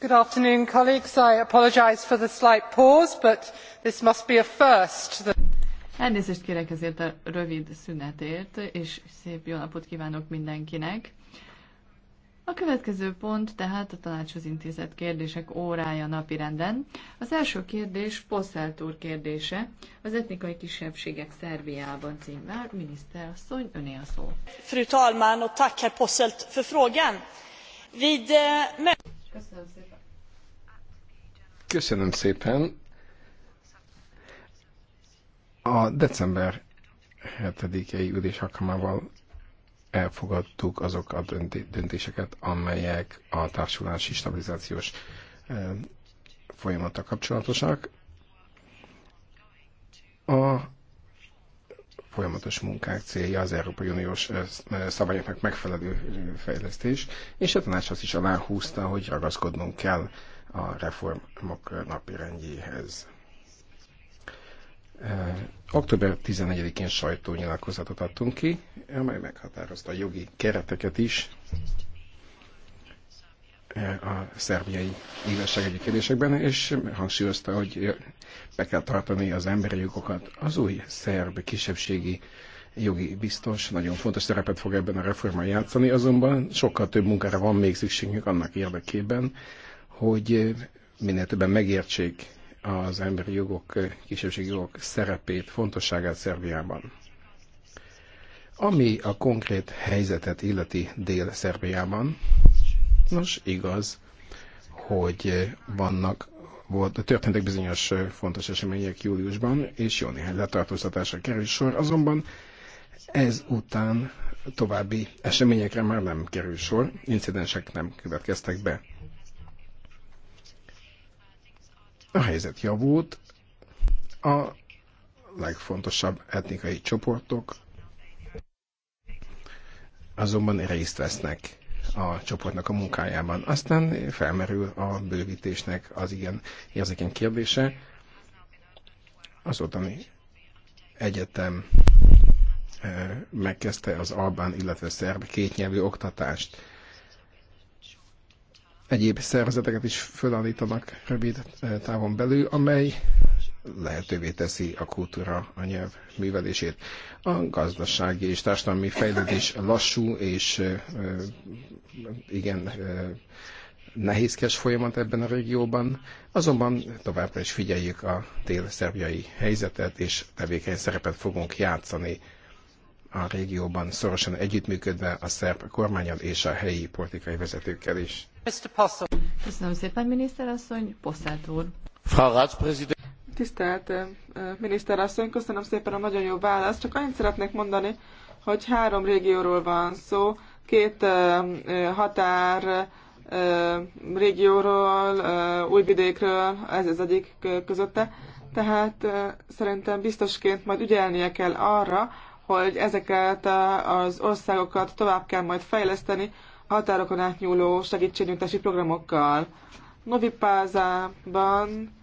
good afternoon colleagues i apologise for the slight pause but this must be a first. elnézést kérek ezért a rövid szünetért és szép jó napot kívánok mindenkinek. A következő pont tehát a tanácshoz intézett kérdések órája napirenden. Az első kérdés Posselt úr kérdése, az etnikai kisebbségek Szerbiában címmel. asszony, öné a szó. Fru talman, och tack herr Posselt för frågan. Vid, eh, Köszönöm szépen. Köszönöm szépen. A december 7-i ülés alkalmával elfogadtuk azok a döntéseket, amelyek a társulási stabilizációs folyamata kapcsolatosak. A folyamatos munkák célja az Európai Uniós szabályoknak megfelelő fejlesztés, és a tanács azt is aláhúzta, hogy ragaszkodnunk kell a reformok napirendjéhez. Október 14-én sajtónyilatkozatot adtunk ki, amely meghatározta a jogi kereteket is a szerbiai igazságügyi kérdésekben, és hangsúlyozta, hogy be kell tartani az emberi jogokat. Az új szerb kisebbségi jogi biztos nagyon fontos szerepet fog ebben a reformban játszani, azonban sokkal több munkára van még szükségünk annak érdekében, hogy minél többen megértsék az emberi jogok, kisebbségi jogok szerepét, fontosságát Szerbiában. Ami a konkrét helyzetet illeti Dél-Szerbiában, Nos, igaz, hogy vannak volt, történtek bizonyos fontos események júliusban, és jó néhány letartóztatásra kerül sor, azonban ez után további eseményekre már nem kerül sor, incidensek nem következtek be. A helyzet javult, a legfontosabb etnikai csoportok azonban részt vesznek a csoportnak a munkájában. Aztán felmerül a bővítésnek az ilyen érzékeny kérdése. Az ami egyetem eh, megkezdte az albán, illetve szerb kétnyelvű oktatást. Egyéb szervezeteket is fölállítanak rövid eh, távon belül, amely lehetővé teszi a kultúra, a nyelv művelését. A gazdasági és társadalmi fejlődés lassú és igen nehézkes folyamat ebben a régióban, azonban továbbra is figyeljük a dél-szerbiai helyzetet, és tevékeny szerepet fogunk játszani a régióban, szorosan együttműködve a szerb kormányon és a helyi politikai vezetőkkel is. Köszönöm szépen, miniszter asszony, Posszát úr. Frau Ratspräsident. Tisztelt miniszterasszony, köszönöm szépen a nagyon jó választ. Csak annyit szeretnék mondani, hogy három régióról van szó, két határ régióról, újvidékről, ez az egyik közötte. Tehát szerintem biztosként majd ügyelnie kell arra, hogy ezeket az országokat tovább kell majd fejleszteni a határokon átnyúló segítségnyújtási programokkal. Novi Pázában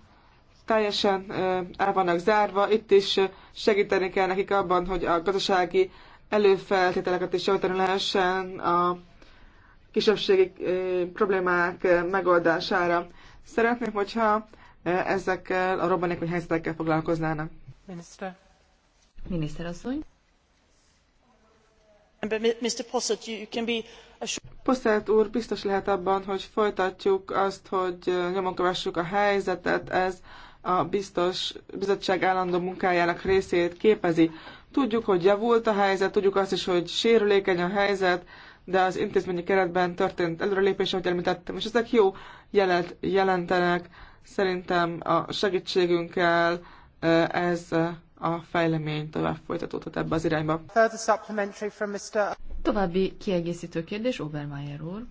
teljesen el vannak zárva, itt is segíteni kell nekik abban, hogy a gazdasági előfeltételeket is javítani lehessen a kisebbségi problémák megoldására. Szeretnék, hogyha ezekkel a robbanékony helyzetekkel foglalkoznának. Miniszter. Miniszter asszony. Mr. Posselt úr, biztos lehet abban, hogy folytatjuk azt, hogy nyomon kövessük a helyzetet, ez a biztos bizottság állandó munkájának részét képezi. Tudjuk, hogy javult a helyzet, tudjuk azt is, hogy sérülékeny a helyzet, de az intézményi keretben történt előrelépés, ahogy említettem, és ezek jó jelet jelentenek. Szerintem a segítségünkkel ez a fejlemény tovább folytatódhat ebbe az irányba. További kiegészítő kérdés, Obermeier úr.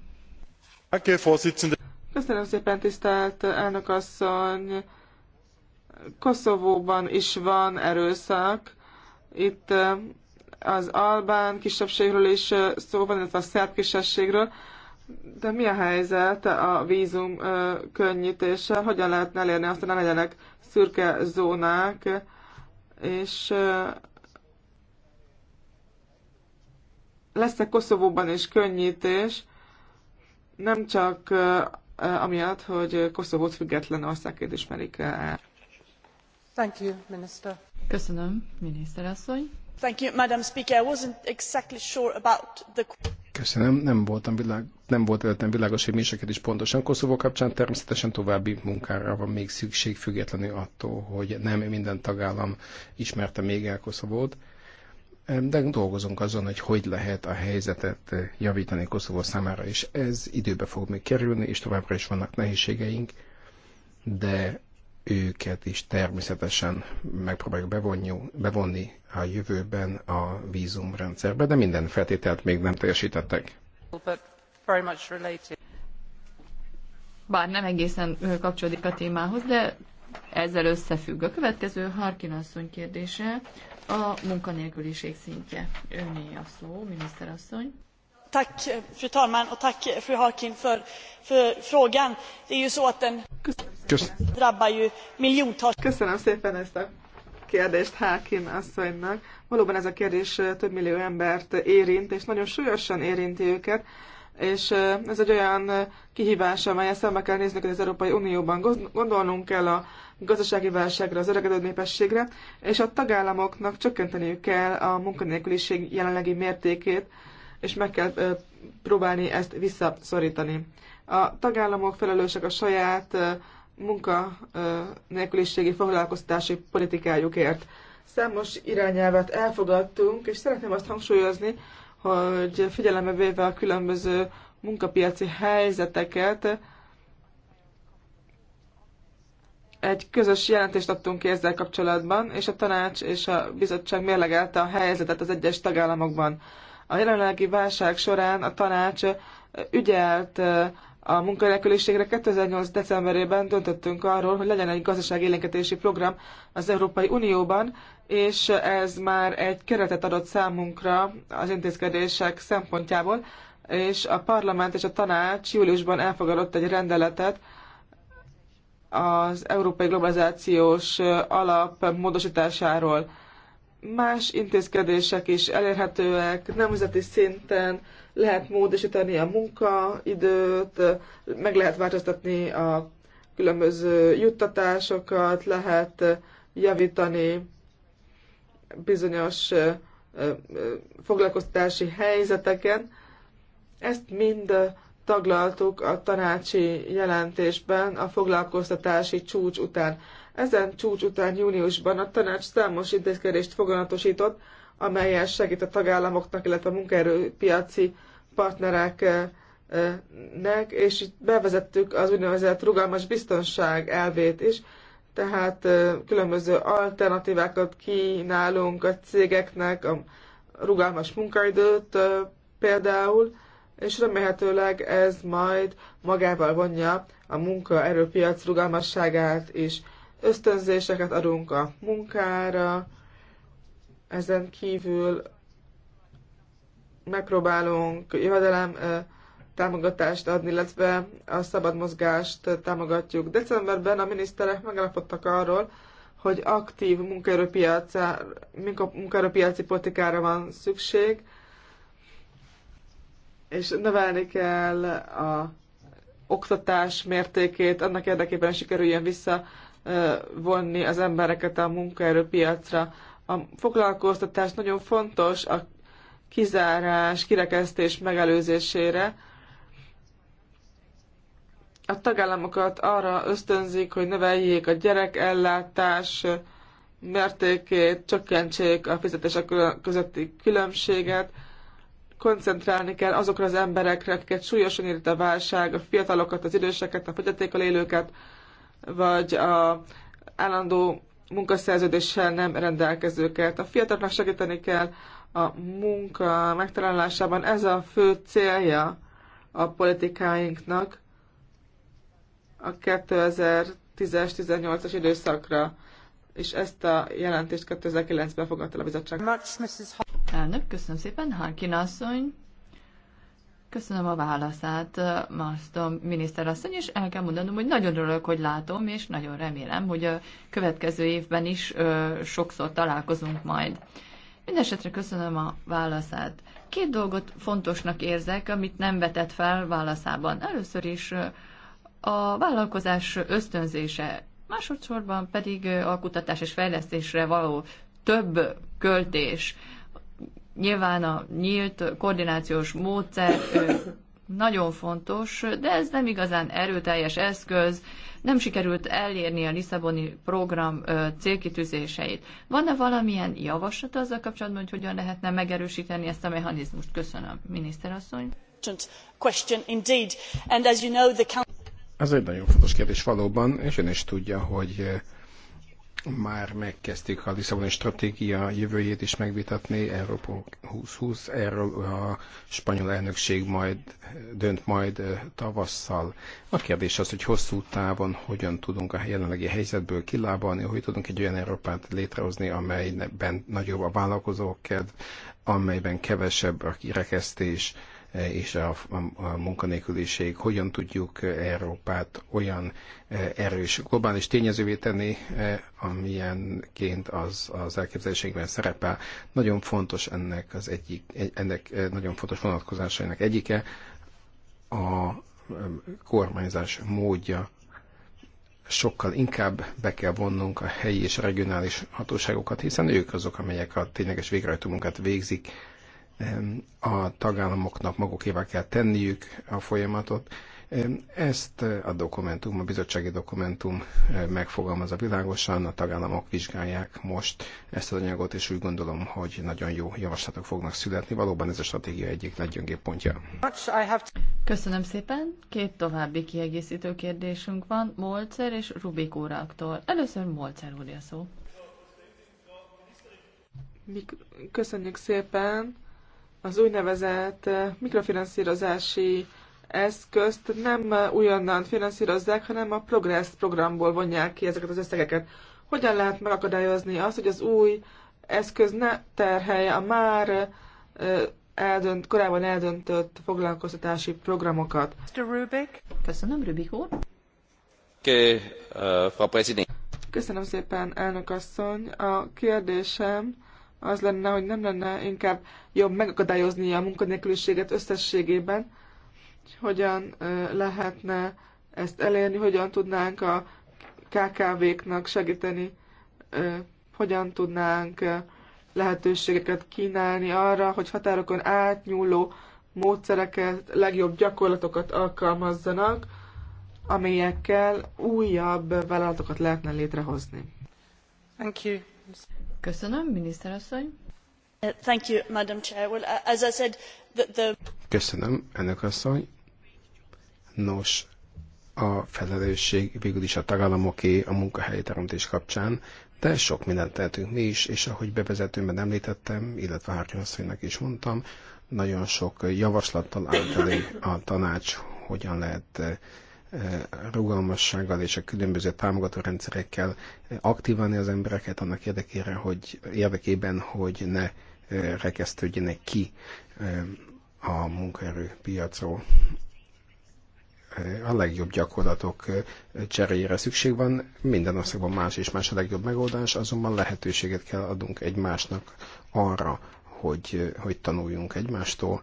Köszönöm szépen, tisztelt elnök asszony! Koszovóban is van erőszak. Itt az albán kisebbségről is szó van, illetve a szerb kisebbségről. De mi a helyzet a vízum könnyítése? Hogyan lehetne elérni azt, hogy ne legyenek szürke zónák? És lesz-e Koszovóban is könnyítés, nem csak amiatt, hogy Koszovót független országként ismerik el nem, volt előttem világos, hogy mi is pontosan Koszovó kapcsán. Természetesen további munkára van még szükség, függetlenül attól, hogy nem minden tagállam ismerte még el Koszovót de dolgozunk azon, hogy hogy lehet a helyzetet javítani Koszovó számára, és ez időbe fog még kerülni, és továbbra is vannak nehézségeink, de őket is természetesen megpróbáljuk bevonni, bevonni a jövőben a vízumrendszerbe, de minden feltételt még nem teljesítettek. Bár nem egészen kapcsolódik a témához, de ezzel összefügg. A következő Harkin asszony kérdése a munkanélküliség szintje. Öné a szó, miniszterasszony fru talman! Tack, fru Harkin, för, för frågan. Det är ju så att den drabbar ju miljontals... Valóban ez a kérdés több millió embert érint, és nagyon súlyosan érinti őket. És ez egy olyan kihívás, amelyen szembe kell néznünk az Európai Unióban. Gondolnunk kell a gazdasági válságra, az öregedő népességre, és a tagállamoknak csökkenteniük kell a munkanélküliség jelenlegi mértékét, és meg kell próbálni ezt visszaszorítani. A tagállamok felelősek a saját munka nélküliségi foglalkoztatási politikájukért. Számos irányelvet elfogadtunk, és szeretném azt hangsúlyozni, hogy figyelembe véve a különböző munkapiaci helyzeteket, egy közös jelentést adtunk ki ezzel kapcsolatban, és a tanács és a bizottság mérlegelte a helyzetet az egyes tagállamokban. A jelenlegi válság során a tanács ügyelt a munkanélküliségre 2008. decemberében döntöttünk arról, hogy legyen egy gazdaságélénketési program az Európai Unióban, és ez már egy keretet adott számunkra az intézkedések szempontjából, és a parlament és a tanács júliusban elfogadott egy rendeletet az európai globalizációs alap módosításáról. Más intézkedések is elérhetőek, nemzeti szinten lehet módosítani a munkaidőt, meg lehet változtatni a különböző juttatásokat, lehet javítani bizonyos foglalkoztatási helyzeteken. Ezt mind taglaltuk a tanácsi jelentésben a foglalkoztatási csúcs után. Ezen csúcs után júniusban a tanács számos intézkedést foganatosított, amelyel segít a tagállamoknak, illetve a munkaerőpiaci partnereknek, eh, és itt bevezettük az úgynevezett rugalmas biztonság elvét is, tehát eh, különböző alternatívákat kínálunk a cégeknek, a rugalmas munkaidőt eh, például, és remélhetőleg ez majd magával vonja a munkaerőpiac rugalmasságát is ösztönzéseket adunk a munkára, ezen kívül megpróbálunk jövedelem támogatást adni, illetve a szabad mozgást támogatjuk. Decemberben a miniszterek megállapodtak arról, hogy aktív munkaerőpiaci politikára van szükség, és növelni kell a oktatás mértékét, annak érdekében sikerüljön vissza vonni az embereket a munkaerőpiacra. A foglalkoztatás nagyon fontos a kizárás, kirekesztés megelőzésére. A tagállamokat arra ösztönzik, hogy növeljék a gyerekellátás mértékét, csökkentsék a fizetések közötti különbséget, koncentrálni kell azokra az emberekre, akiket súlyosan érint a válság, a fiatalokat, az időseket, a fogyatékkal élőket, vagy a állandó munkaszerződéssel nem rendelkezőket. A fiataloknak segíteni kell a munka megtalálásában. Ez a fő célja a politikáinknak a 2010-es, 18-as időszakra, és ezt a jelentést 2009-ben fogadta a bizottság. Elnök, köszönöm szépen. Harkin asszony, Köszönöm a válaszát, Marston miniszterasszony, és el kell mondanom, hogy nagyon örülök, hogy látom, és nagyon remélem, hogy a következő évben is ö, sokszor találkozunk majd. Mindenesetre köszönöm a válaszát. Két dolgot fontosnak érzek, amit nem vetett fel válaszában. Először is a vállalkozás ösztönzése, másodszorban pedig a kutatás és fejlesztésre való több költés. Nyilván a nyílt koordinációs módszer nagyon fontos, de ez nem igazán erőteljes eszköz, nem sikerült elérni a Lisszaboni program célkitűzéseit. Van-e valamilyen javaslat azzal kapcsolatban, hogy hogyan lehetne megerősíteni ezt a mechanizmust? Köszönöm, miniszterasszony. Ez egy nagyon fontos kérdés valóban, és ön is tudja, hogy már megkezdték a Lisszaboni stratégia jövőjét is megvitatni, Európa 2020, erről a spanyol elnökség majd dönt majd tavasszal. A kérdés az, hogy hosszú távon hogyan tudunk a jelenlegi helyzetből kilábalni, hogy tudunk egy olyan Európát létrehozni, amelyben nagyobb a vállalkozókedv, amelyben kevesebb a kirekesztés, Eh, és a, a munkanélküliség, hogyan tudjuk eh, Európát olyan eh, erős globális tényezővé tenni, amilyenként az, az elképzelésekben szerepel. Nagyon fontos ennek az egyik, ennek nagyon fontos vonatkozásainak egyike a kormányzás módja sokkal inkább be kell vonnunk a helyi és regionális hatóságokat, hiszen ők azok, amelyek a tényleges végrehajtó munkát végzik, a tagállamoknak magukévá kell tenniük a folyamatot. Ezt a dokumentum, a bizottsági dokumentum megfogalmazza világosan, a tagállamok vizsgálják most ezt az anyagot, és úgy gondolom, hogy nagyon jó javaslatok fognak születni. Valóban ez a stratégia egyik leggyöngébb pontja. Köszönöm szépen. Két további kiegészítő kérdésünk van, Molcer és Rubik úraktól. Először Molcer úrja szó. Köszönjük szépen az úgynevezett eh, mikrofinanszírozási eszközt nem újonnan finanszírozzák, hanem a Progress programból vonják ki ezeket az összegeket. Hogyan lehet megakadályozni azt, hogy az új eszköz ne terhelje a már eh, eldönt, korábban eldöntött foglalkoztatási programokat? Mr. Rubik. Köszönöm, Rubik úr. Eh, Köszönöm szépen, elnök asszony. A kérdésem az lenne, hogy nem lenne inkább jobb megakadályozni a munkanélküliséget összességében, hogyan lehetne ezt elérni, hogyan tudnánk a KKV-knak segíteni, hogyan tudnánk lehetőségeket kínálni arra, hogy határokon átnyúló módszereket, legjobb gyakorlatokat alkalmazzanak, amelyekkel újabb vállalatokat lehetne létrehozni. Thank you. Köszönöm, miniszterasszony. Uh, thank you, Madam Chair. Well, uh, as I said, the... Köszönöm, elnök asszony. Nos, a felelősség végül is a tagállamoké a munkahelyteremtés kapcsán, de sok mindent tehetünk mi is, és ahogy bevezetőmben említettem, illetve Hártya asszonynak is mondtam, nagyon sok javaslattal állt elő a tanács, hogyan lehet eh, rugalmassággal és a különböző támogató rendszerekkel eh, aktiválni az embereket annak érdekére, hogy érdekében, hogy ne eh, rekesztődjenek ki eh, a munkaerőpiacról. A legjobb gyakorlatok cseréjére szükség van, minden országban más és más a legjobb megoldás, azonban lehetőséget kell adunk egymásnak arra, hogy, hogy tanuljunk egymástól,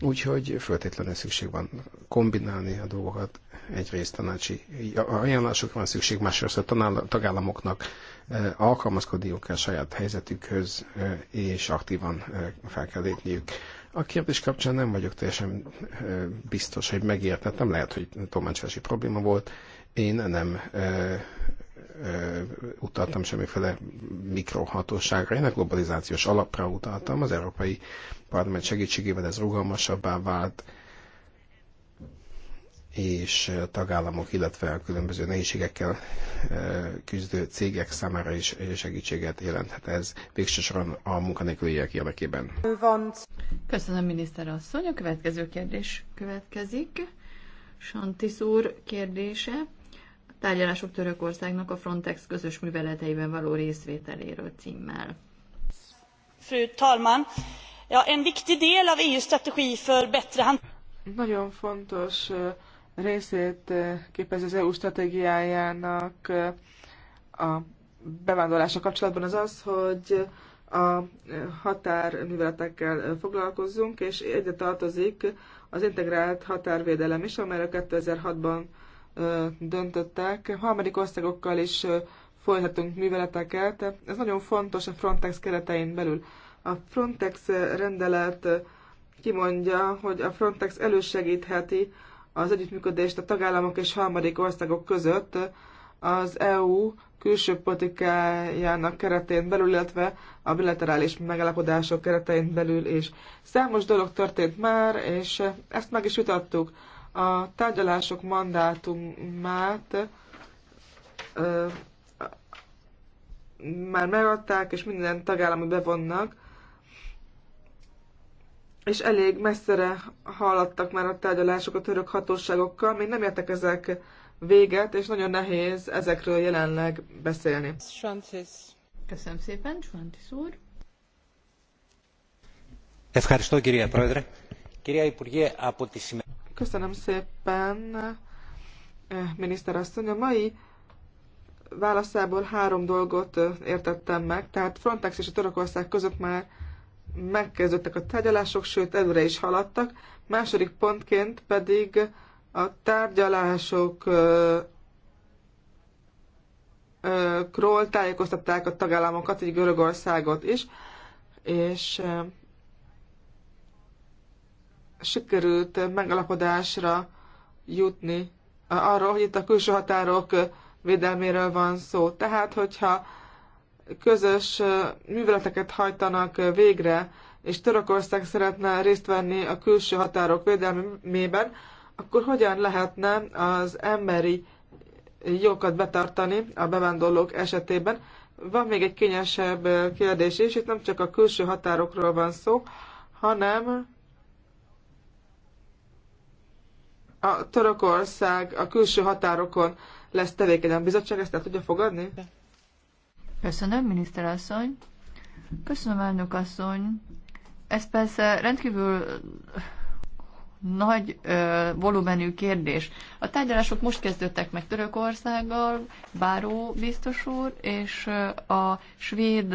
Úgyhogy föltétlenül szükség van kombinálni a dolgokat, egyrészt tanácsi ajánlásokra van szükség, másrészt a tagállamoknak e, alkalmazkodniuk kell saját helyzetükhöz, e, és aktívan e, fel kell lépniük. A kérdés kapcsán nem vagyok teljesen biztos, hogy megértettem, lehet, hogy tolmácsvási probléma volt. Én nem utaltam semmiféle mikrohatóságra, én a globalizációs alapra utaltam, az Európai Parlament segítségével ez rugalmasabbá vált, és a tagállamok, illetve a különböző nehézségekkel küzdő cégek számára is segítséget jelenthet ez végsősoron a munkanélküliek érdekében. Köszönöm, miniszter asszony. A következő kérdés következik. Santis úr kérdése. A tárgyalások Törökországnak a Frontex közös műveleteiben való részvételéről címmel. Fru talman, ja, en viktig del av eu strategi för bättre hand... Nagyon fontos részét eh, képez az EU stratégiájának eh, a bevándorlása kapcsolatban az az, hogy a eh, határműveletekkel foglalkozzunk, és egyre tartozik az integrált határvédelem is, amelyre 2006-ban döntöttek. Harmadik országokkal is folytatunk műveleteket. Ez nagyon fontos a Frontex keretein belül. A Frontex rendelet kimondja, hogy a Frontex elősegítheti az együttműködést a tagállamok és harmadik országok között az EU külső politikájának keretén belül, illetve a bilaterális megállapodások keretein belül is. Számos dolog történt már, és ezt meg is jutattuk. A tárgyalások mandátumát ö, már megadták, és minden tagállamot bevonnak és elég messzire haladtak már a tárgyalások a török hatóságokkal, még nem értek ezek véget, és nagyon nehéz ezekről jelenleg beszélni. Köszönöm szépen, Santis úr. Köszönöm szépen, eh, miniszter asszony. A mai válaszából három dolgot eh, értettem meg, tehát Frontex és a Törökország között már megkezdődtek a tárgyalások, sőt előre is haladtak. Második pontként pedig a tárgyalások król tájékoztatták a tagállamokat, így Görögországot is, és sikerült megalapodásra jutni arról, hogy itt a külső határok védelméről van szó. Tehát, hogyha közös műveleteket hajtanak végre, és Törökország szeretne részt venni a külső határok védelmében, akkor hogyan lehetne az emberi jogokat betartani a bevándorlók esetében? Van még egy kényesebb kérdés is, itt nem csak a külső határokról van szó, hanem a Törökország a külső határokon lesz tevékeny. A bizottság ezt el tudja fogadni? De. Köszönöm, miniszterasszony. Köszönöm, elnök asszony. Ez persze rendkívül nagy ö, volumenű kérdés. A tárgyalások most kezdődtek meg Törökországgal, Báró biztos úr, és a svéd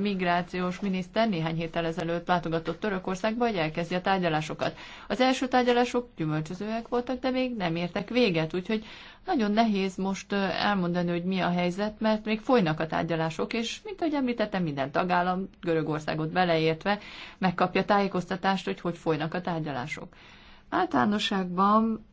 migrációs miniszter néhány héttel ezelőtt látogatott Törökországba, hogy elkezdi a tárgyalásokat. Az első tárgyalások gyümölcsözőek voltak, de még nem értek véget, úgyhogy nagyon nehéz most elmondani, hogy mi a helyzet, mert még folynak a tárgyalások, és mint ahogy említettem, minden tagállam, Görögországot beleértve, megkapja tájékoztatást, hogy hogy folynak a tárgyalások. Általánosságban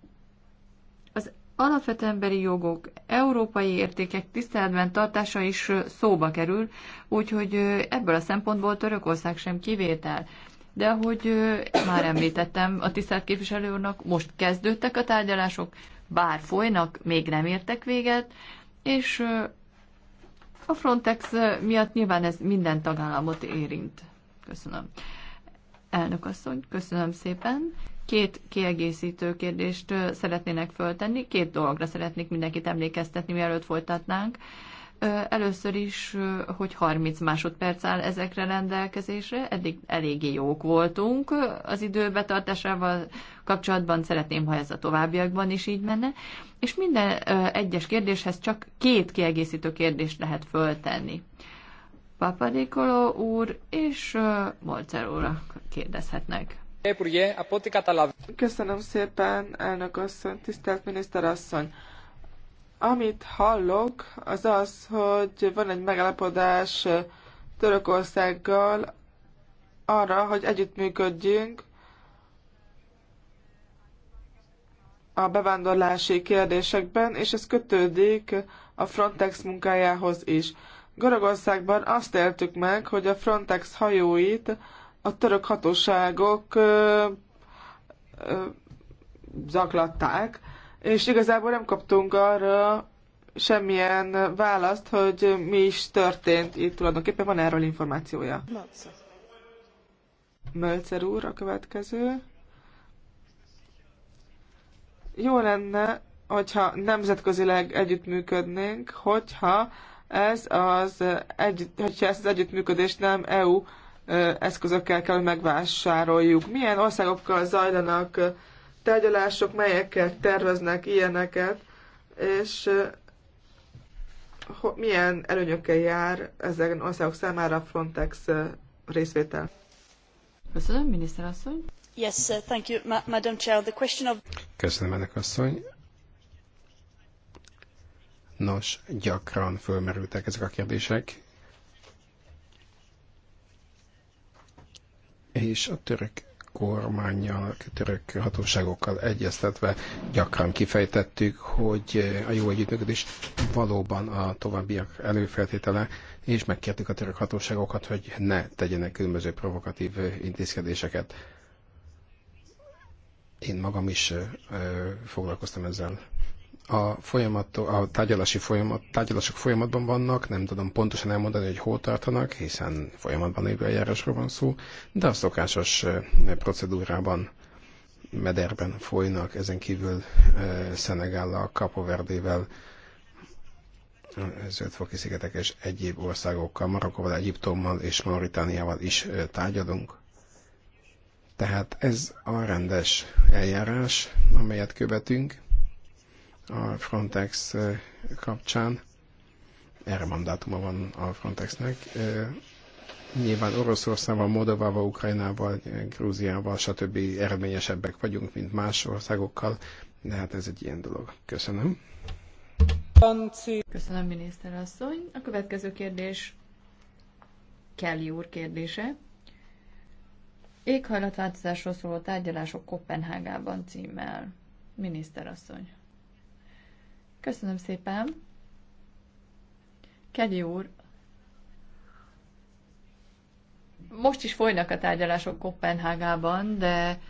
az alapvető emberi jogok, európai értékek tiszteletben tartása is szóba kerül, úgyhogy ebből a szempontból Törökország sem kivétel. De ahogy már említettem a tisztelt képviselő úrnak, most kezdődtek a tárgyalások, bár folynak, még nem értek véget, és a Frontex miatt nyilván ez minden tagállamot érint. Köszönöm. Elnök asszony, köszönöm szépen. Két kiegészítő kérdést szeretnének föltenni. Két dologra szeretnék mindenkit emlékeztetni, mielőtt folytatnánk. Először is, hogy 30 másodperc áll ezekre rendelkezésre, eddig eléggé jók voltunk az időbetartásával kapcsolatban, szeretném, ha ez a továbbiakban is így menne, és minden egyes kérdéshez csak két kiegészítő kérdést lehet föltenni. Papadikoló úr és Molcer úr kérdezhetnek. Köszönöm szépen, elnök asszony, tisztelt miniszter asszony! Amit hallok, az az, hogy van egy megállapodás Törökországgal arra, hogy együttműködjünk a bevándorlási kérdésekben, és ez kötődik a Frontex munkájához is. Görögországban azt éltük meg, hogy a Frontex hajóit a török hatóságok ö, ö, zaklatták, és igazából nem kaptunk arra semmilyen választ, hogy mi is történt itt tulajdonképpen. Van erről információja? Mölcer. úr a következő. Jó lenne, hogyha nemzetközileg együttműködnénk, hogyha ez az egy hogyha ez az együttműködés nem EU eszközökkel kell, hogy megvásároljuk. Milyen országokkal zajlanak tárgyalások, melyeket terveznek ilyeneket, és eh, milyen előnyökkel jár ezeken országok számára a Frontex eh, részvétel. Köszönöm, miniszter asszony. Yes, thank you, Madam Chair. The question of... Köszönöm, ennek asszony. Nos, gyakran fölmerültek ezek a kérdések. És a török kormányjal, török hatóságokkal egyeztetve gyakran kifejtettük, hogy a jó együttműködés valóban a továbbiak előfeltétele, és megkértük a török hatóságokat, hogy ne tegyenek különböző provokatív intézkedéseket. Én magam is foglalkoztam ezzel a, folyamat, a tárgyalási folyamat, tárgyalások folyamatban vannak, nem tudom pontosan elmondani, hogy hol tartanak, hiszen folyamatban lévő eljárásról van szó, de a szokásos eh, procedúrában mederben folynak, ezen kívül eh, Szenegállal, Kapoverdével, eh, Zöldfoki szigetek és egyéb országokkal, Marokkóval, Egyiptommal és Mauritániával is tárgyalunk. Tehát ez a rendes eljárás, amelyet követünk a Frontex kapcsán. Erre mandátuma van a Frontexnek. Nyilván Oroszországban, Moldovával, Ukrajnával, Grúziával, stb. eredményesebbek vagyunk, mint más országokkal, de hát ez egy ilyen dolog. Köszönöm. Köszönöm, miniszterasszony. A következő kérdés Kelly úr kérdése. Éghajlatváltozásról szóló tárgyalások Kopenhágában címmel. Miniszterasszony. Köszönöm szépen. Kegyi úr, most is folynak a tárgyalások Kopenhágában, de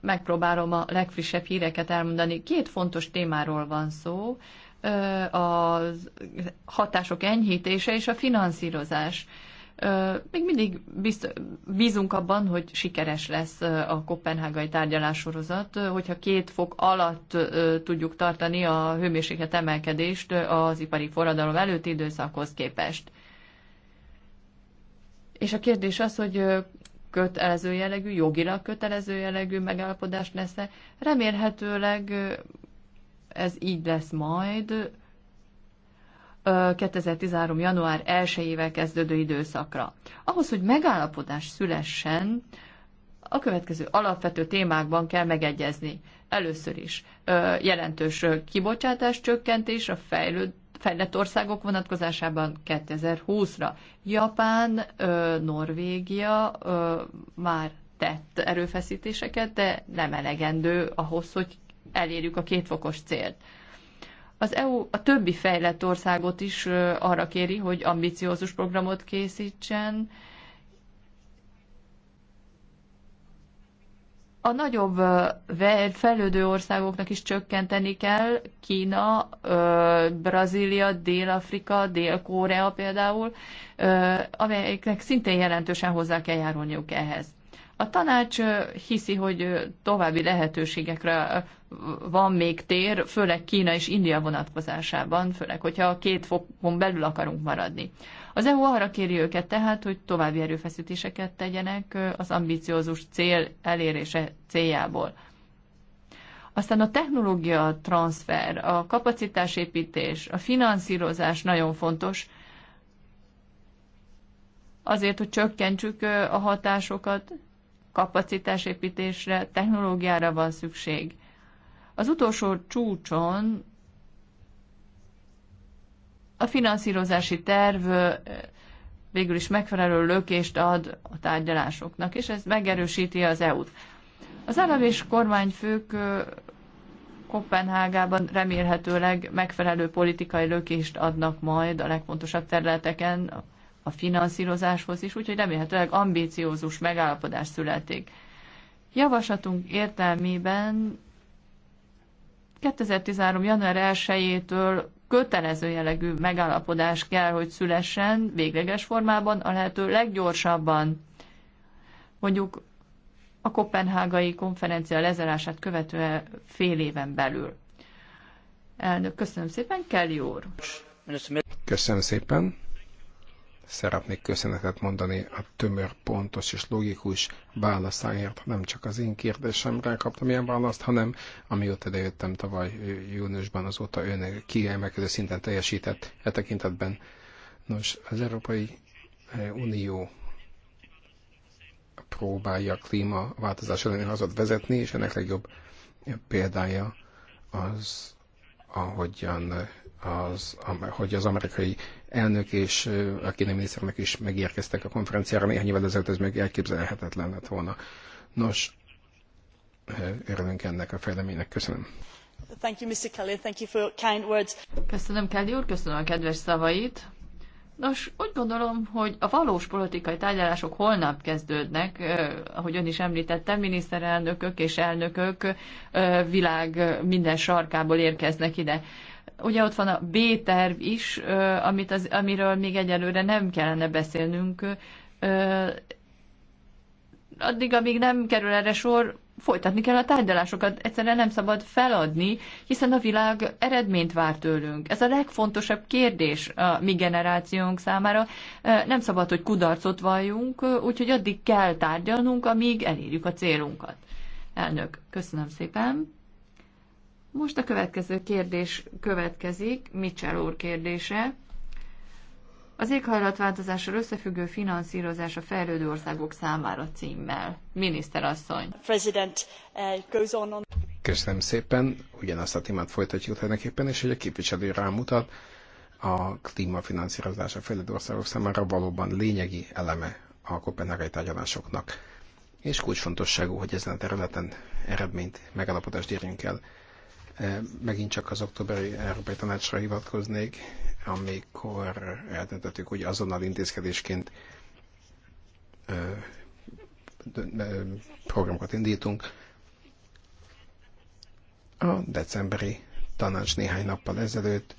megpróbálom a legfrissebb híreket elmondani. Két fontos témáról van szó, a hatások enyhítése és a finanszírozás még mindig bízunk abban, hogy sikeres lesz a kopenhágai tárgyalássorozat, hogyha két fok alatt tudjuk tartani a hőmérséklet emelkedést az ipari forradalom előtti időszakhoz képest. És a kérdés az, hogy kötelező jellegű, jogilag kötelező jellegű megállapodást lesz-e. Remélhetőleg ez így lesz majd, 2013. január 1-ével kezdődő időszakra. Ahhoz, hogy megállapodás szülessen, a következő alapvető témákban kell megegyezni. Először is jelentős kibocsátás csökkentés a fejlődő fejlett országok vonatkozásában 2020-ra. Japán, Norvégia már tett erőfeszítéseket, de nem elegendő ahhoz, hogy elérjük a kétfokos célt. Az EU a többi fejlett országot is arra kéri, hogy ambiciózus programot készítsen. A nagyobb fejlődő országoknak is csökkenteni kell, Kína, Brazília, Dél-Afrika, Dél-Korea például, amelyeknek szintén jelentősen hozzá kell járulniuk ehhez. A tanács hiszi, hogy további lehetőségekre van még tér, főleg Kína és India vonatkozásában, főleg, hogyha a két fokon belül akarunk maradni. Az EU arra kéri őket tehát, hogy további erőfeszítéseket tegyenek az ambiciózus cél elérése céljából. Aztán a technológia transfer, a kapacitásépítés, a finanszírozás nagyon fontos, azért, hogy csökkentsük a hatásokat, kapacitásépítésre, technológiára van szükség. Az utolsó csúcson a finanszírozási terv végül is megfelelő lökést ad a tárgyalásoknak, és ez megerősíti az EU-t. Az állam és kormányfők Kopenhágában remélhetőleg megfelelő politikai lökést adnak majd a legfontosabb területeken a finanszírozáshoz is, úgyhogy remélhetőleg ambíciózus megállapodás születik. Javaslatunk értelmében 2013. január 1-től kötelező jellegű megállapodás kell, hogy szülessen végleges formában, a lehető leggyorsabban. Mondjuk a kopenhágai konferencia lezárását követően fél éven belül. Elnök, köszönöm szépen, Kelly úr! Köszönöm szépen! szeretnék köszönetet mondani a tömör, pontos és logikus válaszáért. Nem csak az én kérdésemre kaptam ilyen választ, hanem amióta idejöttem tavaly júniusban, azóta ön kiemelkedő szinten teljesített e tekintetben. Nos, az Európai Unió próbálja a klímaváltozás elleni hazat vezetni, és ennek legjobb példája az, ahogyan az, hogy az amerikai elnök és a kínai miniszternek is megérkeztek a konferenciára, néhány évvel ezelőtt ez még elképzelhetetlen lett volna. Nos, örülünk ennek a fejleménynek. Köszönöm. Thank you, Mr. Kelly. Thank you for your kind words. Köszönöm, Kelly úr, köszönöm a kedves szavait. Nos, úgy gondolom, hogy a valós politikai tárgyalások holnap kezdődnek, eh, ahogy ön is említette, miniszterelnökök és elnökök eh, világ minden sarkából érkeznek ide ugye ott van a B-terv is, amit az, amiről még egyelőre nem kellene beszélnünk. Addig, amíg nem kerül erre sor, folytatni kell a tárgyalásokat, egyszerűen nem szabad feladni, hiszen a világ eredményt vár tőlünk. Ez a legfontosabb kérdés a mi generációnk számára. Nem szabad, hogy kudarcot valljunk, úgyhogy addig kell tárgyalnunk, amíg elérjük a célunkat. Elnök, köszönöm szépen. Most a következő kérdés következik, Mitchell úr kérdése. Az éghajlatváltozással összefüggő finanszírozás a fejlődő országok számára címmel. Miniszterasszony. Eh, Köszönöm szépen, ugyanazt a témát folytatjuk tulajdonképpen, és hogy a képviselő rámutat, a klímafinanszírozás a fejlődő országok számára valóban lényegi eleme a kopenhágai tárgyalásoknak. És kulcsfontosságú, hogy ezen a területen eredményt, megalapodást érjünk el Eh, megint csak az októberi Európai Tanácsra hivatkoznék, amikor eltöntöttük, hogy azonnal intézkedésként eh, eh, programokat indítunk. A decemberi tanács néhány nappal ezelőtt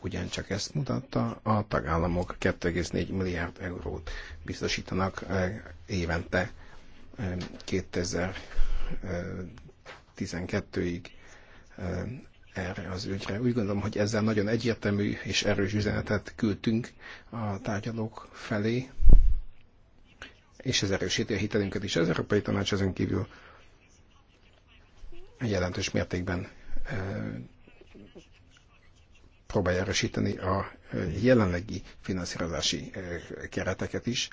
ugyancsak ezt mutatta, a tagállamok 2,4 milliárd eurót biztosítanak évente 2012-ig erre az ügyre. Úgy gondolom, hogy ezzel nagyon egyértelmű és erős üzenetet küldtünk a tárgyalók felé, és ez erősíti a hitelünket is. Az Európai Tanács ezen kívül jelentős mértékben próbálja erősíteni a jelenlegi finanszírozási kereteket is,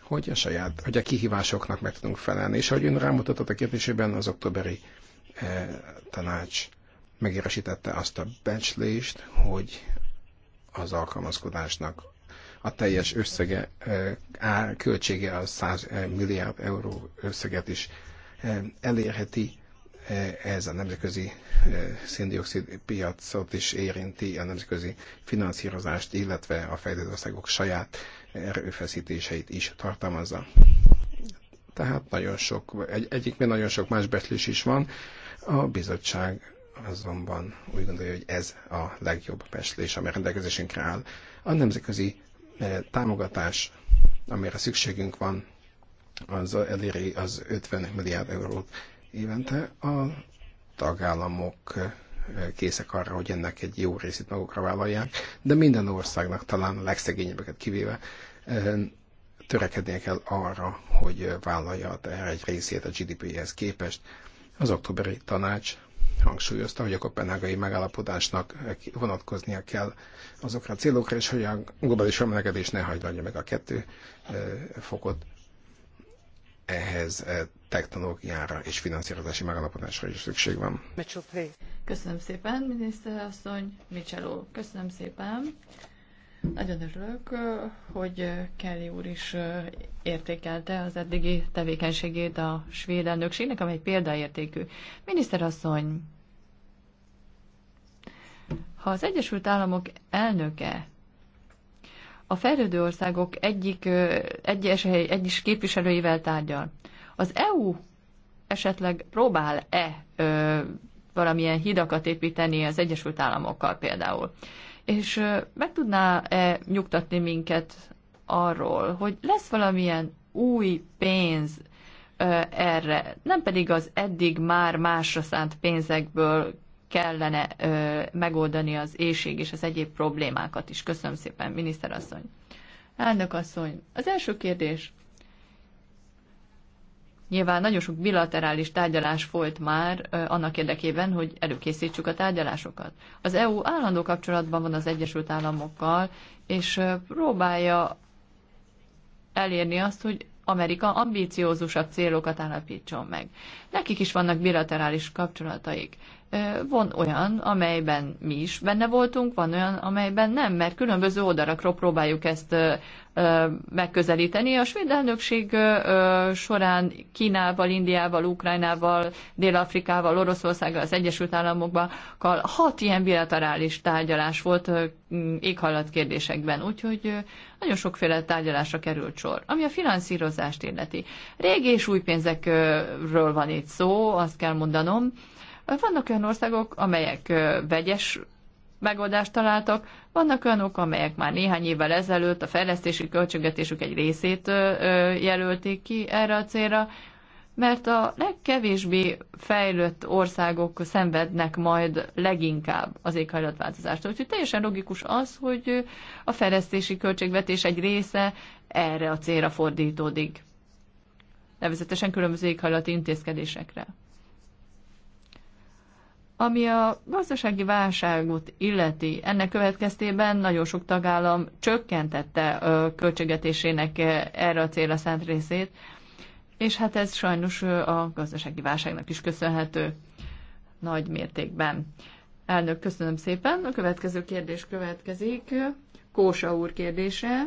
hogy a saját, hogy a kihívásoknak meg tudunk felelni. És ahogy ön rámutatott a kérdésében, az októberi E, tanács megérosítette azt a becslést, hogy az alkalmazkodásnak a teljes összege, e, á, költsége a 100 e, milliárd euró összeget is elérheti. Ez a nemzetközi széndiokszid piacot is érinti, a nemzetközi finanszírozást, illetve a fejlődő országok saját erőfeszítéseit is tartalmazza. Tehát nagyon sok, egy, egyikben nagyon sok más becslés is van, a bizottság azonban úgy gondolja, hogy ez a legjobb peslés, ami rendelkezésünkre áll. A nemzetközi eh, támogatás, amire szükségünk van, az eléri az 50 milliárd eurót évente. A tagállamok eh, készek arra, hogy ennek egy jó részét magukra vállalják, de minden országnak, talán a legszegényebbeket kivéve, eh, törekednie kell arra, hogy vállalja erre egy részét a GDP-hez képest az októberi tanács hangsúlyozta, hogy a kopenhágai megállapodásnak vonatkoznia kell azokra a célokra, és hogy a globális felmelegedés ne hagyja meg a kettő eh, fokot. Ehhez eh, technológiára és finanszírozási megállapodásra is szükség van. Köszönöm szépen, miniszter asszony, Micheló. Köszönöm szépen. Nagyon örülök, hogy Kelly úr is értékelte az eddigi tevékenységét a svéd elnökségnek, amely példaértékű. Miniszterasszony, ha az Egyesült Államok elnöke a fejlődő országok egyik, egyes, egyis képviselőivel tárgyal, az EU esetleg próbál-e valamilyen hidakat építeni az Egyesült Államokkal például? és meg tudná-e nyugtatni minket arról, hogy lesz valamilyen új pénz erre, nem pedig az eddig már másra szánt pénzekből kellene megoldani az éjség és az egyéb problémákat is. Köszönöm szépen, miniszterasszony. Elnök asszony, az első kérdés Nyilván nagyon sok bilaterális tárgyalás folyt már annak érdekében, hogy előkészítsük a tárgyalásokat. Az EU állandó kapcsolatban van az Egyesült Államokkal, és próbálja elérni azt, hogy Amerika ambíciózusabb célokat állapítson meg. Nekik is vannak bilaterális kapcsolataik van olyan, amelyben mi is benne voltunk, van olyan, amelyben nem, mert különböző oldalakról próbáljuk ezt megközelíteni. A svéd elnökség során Kínával, Indiával, Ukrajnával, Dél-Afrikával, Oroszországgal, az Egyesült Államokkal hat ilyen bilaterális tárgyalás volt éghajlat kérdésekben, úgyhogy nagyon sokféle tárgyalásra került sor. Ami a finanszírozást illeti. Régi és új pénzekről van itt szó, azt kell mondanom, vannak olyan országok, amelyek vegyes megoldást találtak, vannak olyanok, amelyek már néhány évvel ezelőtt a fejlesztési költségvetésük egy részét jelölték ki erre a célra, mert a legkevésbé fejlett országok szenvednek majd leginkább az éghajlatváltozástól. Úgyhogy teljesen logikus az, hogy a fejlesztési költségvetés egy része erre a célra fordítódik. Nevezetesen különböző éghajlati intézkedésekre. Ami a gazdasági válságot illeti, ennek következtében nagyon sok tagállam csökkentette költségetésének erre a célra szánt részét, és hát ez sajnos a gazdasági válságnak is köszönhető nagy mértékben. Elnök, köszönöm szépen. A következő kérdés következik. Kósa úr kérdése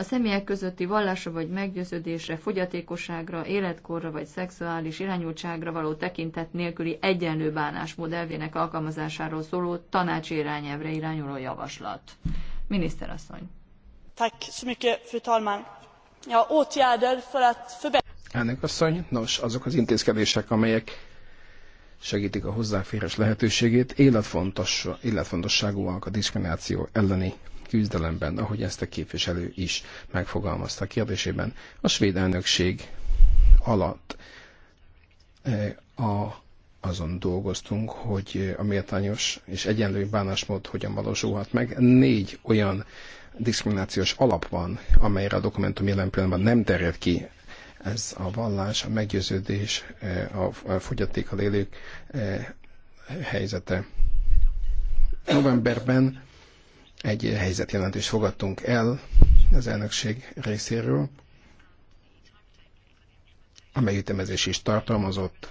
a személyek közötti vallásra vagy meggyőződésre, fogyatékosságra, életkorra vagy szexuális irányultságra való tekintet nélküli egyenlő bánásmód elvének alkalmazásáról szóló tanácsi irányelvre irányuló javaslat. Miniszter asszony. Elnök asszony, nos, azok az intézkedések, amelyek segítik a hozzáférés lehetőségét, életfontos, életfontosságúak a diszkrimináció elleni küzdelemben, ahogy ezt a képviselő is megfogalmazta a kérdésében. A svéd elnökség alatt e, a, azon dolgoztunk, hogy a méltányos és egyenlő bánásmód hogyan valósulhat meg. Négy olyan diszkriminációs alap van, amelyre a dokumentum jelen pillanatban nem terjed ki. Ez a vallás, a meggyőződés, e, a fogyatékkal élők e, helyzete. Novemberben egy helyzetjelentést fogadtunk el az elnökség részéről, amely ütemezés is tartalmazott.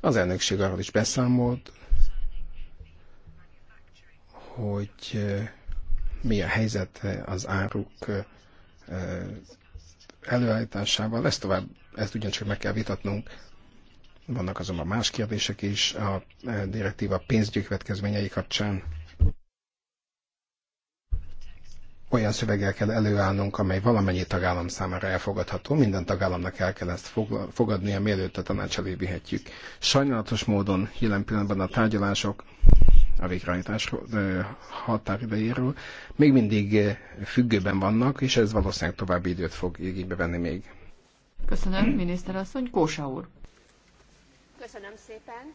Az elnökség arról is beszámolt, hogy mi a helyzet az áruk előállításával. Ezt tovább, ezt ugyancsak meg kell vitatnunk. Vannak azonban más kérdések is a direktíva pénzgyűkövetkezményei kapcsán olyan szöveggel kell előállnunk, amely valamennyi tagállam számára elfogadható, minden tagállamnak el kell ezt fogadnia, mielőtt a tanács elé vihetjük. Sajnálatos módon jelen pillanatban a tárgyalások a végrehajtás határidejéről még mindig függőben vannak, és ez valószínűleg további időt fog igénybe venni még. Köszönöm, miniszter asszony. Kósa úr. Köszönöm szépen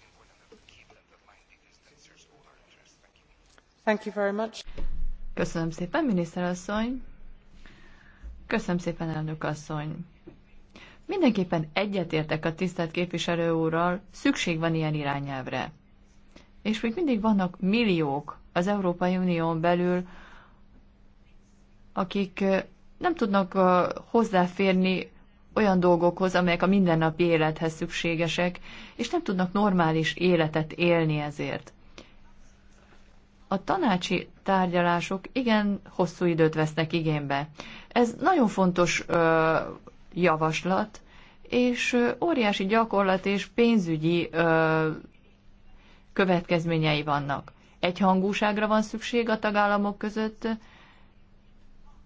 Thank you very much. Köszönöm szépen, miniszterasszony. Köszönöm szépen, elnök asszony. Mindenképpen egyetértek a tisztelt képviselő úrral, szükség van ilyen irányelvre. És még mindig vannak milliók az Európai Unión belül, akik nem tudnak hozzáférni olyan dolgokhoz, amelyek a mindennapi élethez szükségesek, és nem tudnak normális életet élni ezért a tanácsi tárgyalások igen hosszú időt vesznek igénybe. Ez nagyon fontos ö, javaslat, és óriási gyakorlat és pénzügyi ö, következményei vannak. Egyhangúságra van szükség a tagállamok között,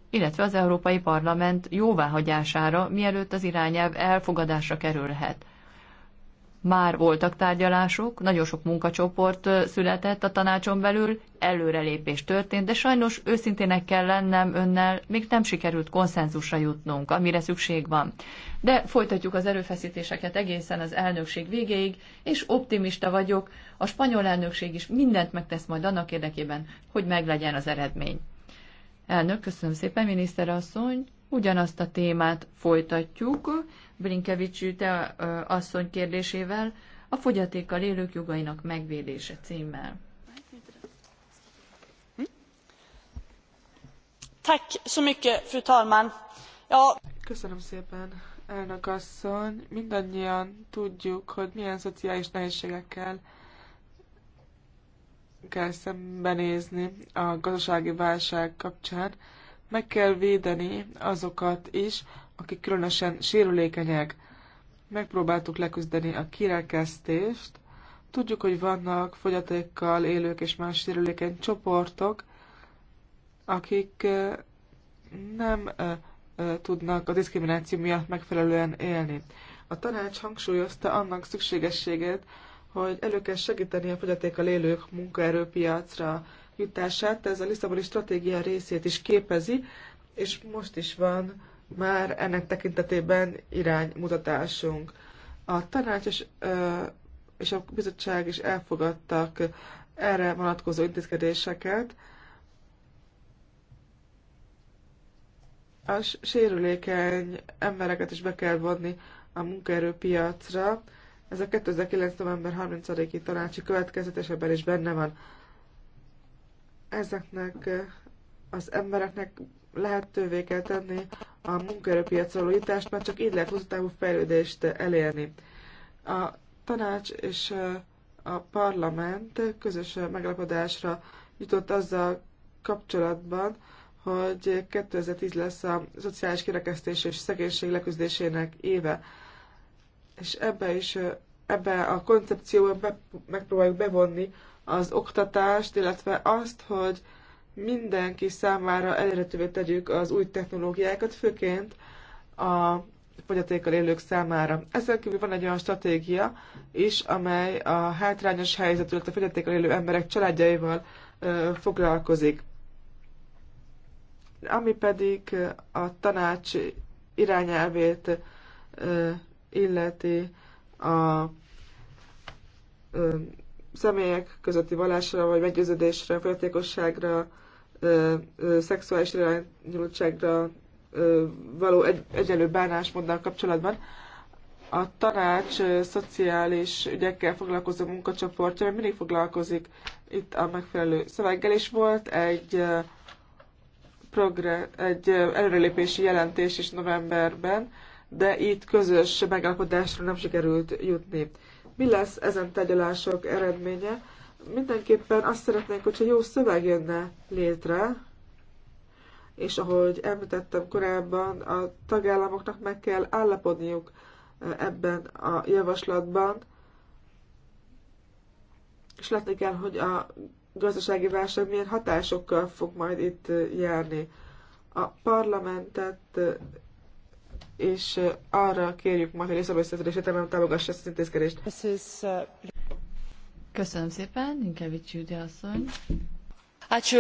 illetve az Európai Parlament jóváhagyására, mielőtt az irányelv elfogadásra kerülhet már voltak tárgyalások, nagyon sok munkacsoport született a tanácson belül, előrelépés történt, de sajnos őszintének kell lennem önnel, még nem sikerült konszenzusra jutnunk, amire szükség van. De folytatjuk az erőfeszítéseket egészen az elnökség végéig, és optimista vagyok, a spanyol elnökség is mindent megtesz majd annak érdekében, hogy meglegyen az eredmény. Elnök, köszönöm szépen, miniszterasszony ugyanazt a témát folytatjuk, Brinkevics te asszony kérdésével, a fogyatékkal élők jogainak megvédése címmel. Köszönöm szépen, elnök asszony. Mindannyian tudjuk, hogy milyen szociális nehézségekkel kell szembenézni a gazdasági válság kapcsán meg kell védeni azokat is, akik különösen sérülékenyek. Megpróbáltuk leküzdeni a kirekesztést. Tudjuk, hogy vannak fogyatékkal élők és más sérülékeny csoportok, akik nem tudnak a diszkrimináció miatt megfelelően élni. A tanács hangsúlyozta annak szükségességét, hogy elő kell segíteni a fogyatékkal élők munkaerőpiacra jutását, ez a Lisszaboni stratégia részét is képezi, és most is van már ennek tekintetében iránymutatásunk. A tanács és, és a bizottság is elfogadtak erre vonatkozó intézkedéseket, a sérülékeny embereket is be kell vonni a munkaerőpiacra. Ez a 2009. november 30-i tanácsi következetesebben is benne van ezeknek az embereknek lehetővé kell tenni a munkaerőpiacról jutást, mert csak így lehet hosszú távú fejlődést elérni. A tanács és a parlament közös megalapodásra jutott azzal kapcsolatban, hogy 2010 lesz a szociális kirekesztés és szegénység leküzdésének éve. És ebbe is, ebbe a koncepcióba be, megpróbáljuk bevonni az oktatást, illetve azt, hogy mindenki számára elérhetővé tegyük az új technológiákat, főként a fogyatékkal élők számára. Ezzel kívül van egy olyan stratégia is, amely a hátrányos helyzetű, illetve fogyatékkal élő emberek családjaival ö, foglalkozik. Ami pedig a tanács irányelvét ö, illeti a ö, személyek közötti vallásra vagy meggyőződésre, fogyatékosságra, szexuális irányultságra való egy, egyenlő bánásmóddal kapcsolatban. A tanács szociális ügyekkel foglalkozó munkacsoportja mindig foglalkozik itt a megfelelő szöveggel, és volt egy, progre, egy előrelépési jelentés is novemberben, de itt közös megállapodásra nem sikerült jutni mi lesz ezen tegyelások eredménye. Mindenképpen azt szeretnénk, hogyha jó szöveg jönne létre, és ahogy említettem korábban, a tagállamoknak meg kell állapodniuk eh, ebben a javaslatban, és látni kell, hogy a gazdasági válság milyen hatásokkal fog majd itt eh, járni. A parlamentet eh, és arra kérjük majd, hogy Lisszaboni szerződését nem támogassa ezt az intézkedést. Köszönöm szépen, Inkevics Júdi asszony. Ácsú,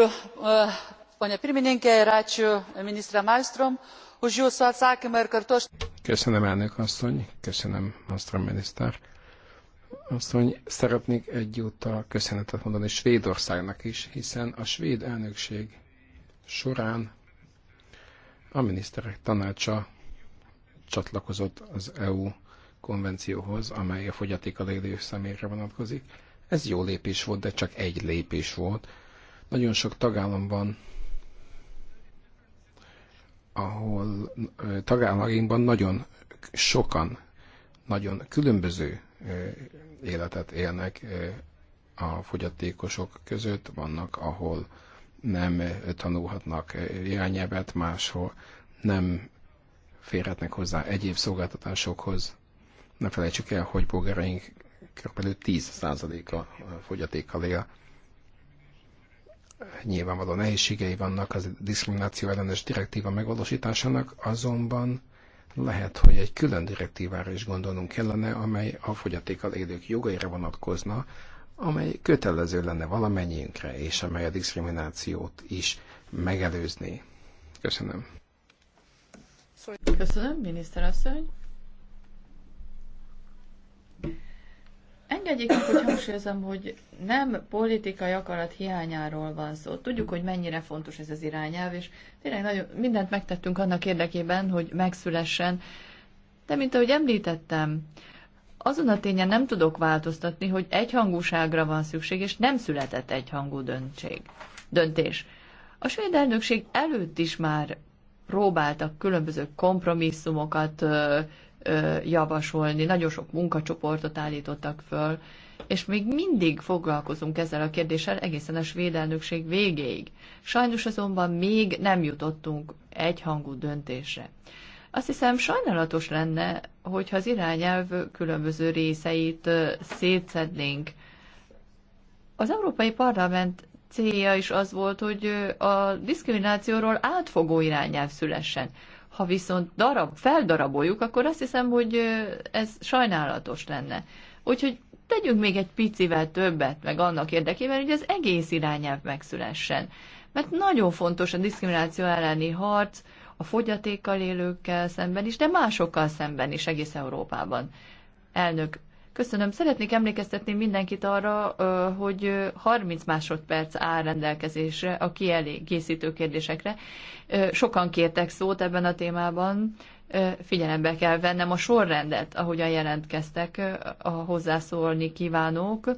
ponia pirmininkė, Rácsú, Minisztra Maestrom, Malmström už jūsų Köszönöm, elnök asszony, köszönöm, Maestrom miniszter. Asszony, szeretnék egyúttal köszönetet mondani Svédországnak is, hiszen a svéd elnökség során a miniszterek tanácsa csatlakozott az EU konvencióhoz, amely a fogyatékkal élő személyre vonatkozik. Ez jó lépés volt, de csak egy lépés volt. Nagyon sok tagállamban, ahol tagállamban nagyon sokan, nagyon különböző életet élnek a fogyatékosok között, vannak, ahol nem tanulhatnak irányelvet, máshol nem férhetnek hozzá egyéb szolgáltatásokhoz. Ne felejtsük el, hogy polgáraink kb. 10%-a fogyatékkal él. Nyilvánvaló nehézségei vannak az diszkrimináció ellenes direktíva megvalósításának, azonban lehet, hogy egy külön direktívára is gondolnunk kellene, amely a fogyatékkal élők jogaira vonatkozna, amely kötelező lenne valamennyiünkre, és amely a diszkriminációt is megelőzni Köszönöm. Köszönöm, miniszterasszony. Engedjék meg, hogy hangsúlyozom, hogy nem politikai akarat hiányáról van szó. Tudjuk, hogy mennyire fontos ez az irányelv, és tényleg nagyon, mindent megtettünk annak érdekében, hogy megszülessen. De mint ahogy említettem, azon a tényen nem tudok változtatni, hogy egyhangúságra van szükség, és nem született egyhangú döntség, döntés. A svéd elnökség előtt is már próbáltak különböző kompromisszumokat javasolni, nagyon sok munkacsoportot állítottak föl, és még mindig foglalkozunk ezzel a kérdéssel egészen a svéd elnökség végéig. Sajnos azonban még nem jutottunk egyhangú döntésre. Azt hiszem sajnálatos lenne, hogyha az irányelv különböző részeit szétszednénk. Az Európai Parlament célja is az volt, hogy a diszkriminációról átfogó irányelv szülessen. Ha viszont darab, feldaraboljuk, akkor azt hiszem, hogy ez sajnálatos lenne. Úgyhogy tegyünk még egy picivel többet, meg annak érdekében, hogy az egész irányelv megszülessen. Mert nagyon fontos a diszkrimináció elleni harc a fogyatékkal élőkkel szemben is, de másokkal szemben is egész Európában. Elnök, Köszönöm. Szeretnék emlékeztetni mindenkit arra, hogy 30 másodperc áll rendelkezésre a kielégészítő kérdésekre. Sokan kértek szót ebben a témában. Figyelembe kell vennem a sorrendet, ahogyan jelentkeztek a hozzászólni kívánók.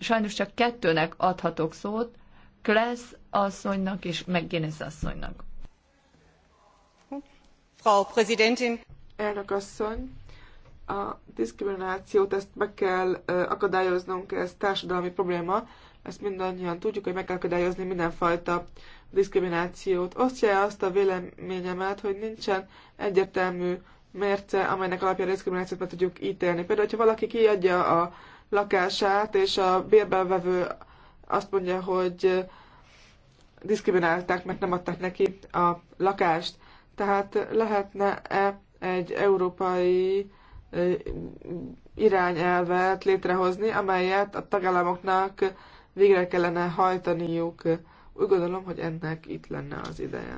Sajnos csak kettőnek adhatok szót, Klesz asszonynak és McGuinness asszonynak. Frau Präsidentin! Elnök asszony, a diszkriminációt, ezt meg kell akadályoznunk, ez társadalmi probléma, ezt mindannyian tudjuk, hogy meg kell akadályozni mindenfajta diszkriminációt. Osztja azt a véleményemet, hogy nincsen egyértelmű mérce, amelynek alapján a diszkriminációt meg tudjuk ítélni. Például, hogyha valaki kiadja a lakását, és a bérbevevő azt mondja, hogy diszkriminálták, mert nem adták neki a lakást. Tehát lehetne-e egy európai irányelvet létrehozni, amelyet a tagállamoknak végre kellene hajtaniuk. Úgy gondolom, hogy ennek itt lenne az ideje.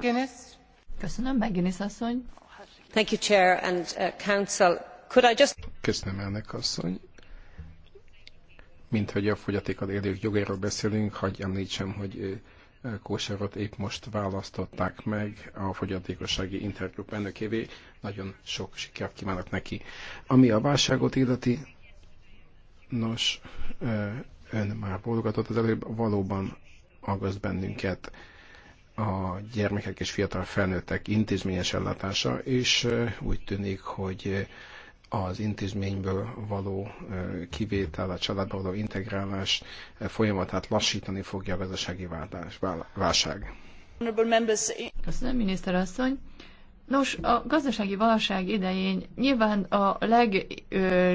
Köszönöm, McGuinness asszony. Thank you, Chair and uh, Council. Could I just... Köszönöm, elnök asszony. Mint hogy a fogyatékkal élők jogairól beszélünk, hagyj említsem, hogy Kóserot épp most választották meg a fogyatékossági intergrup elnökévé. Nagyon sok sikert kívánok neki. Ami a válságot illeti, nos, ön már bólogatott az előbb, valóban aggaszt bennünket a gyermekek és fiatal felnőttek intézményes ellátása, és úgy tűnik, hogy az intézményből való kivétel, a családba való integrálás folyamatát lassítani fogja a gazdasági váltás, válság. Köszönöm, miniszter asszony. Nos, a gazdasági válság idején nyilván a leg ö,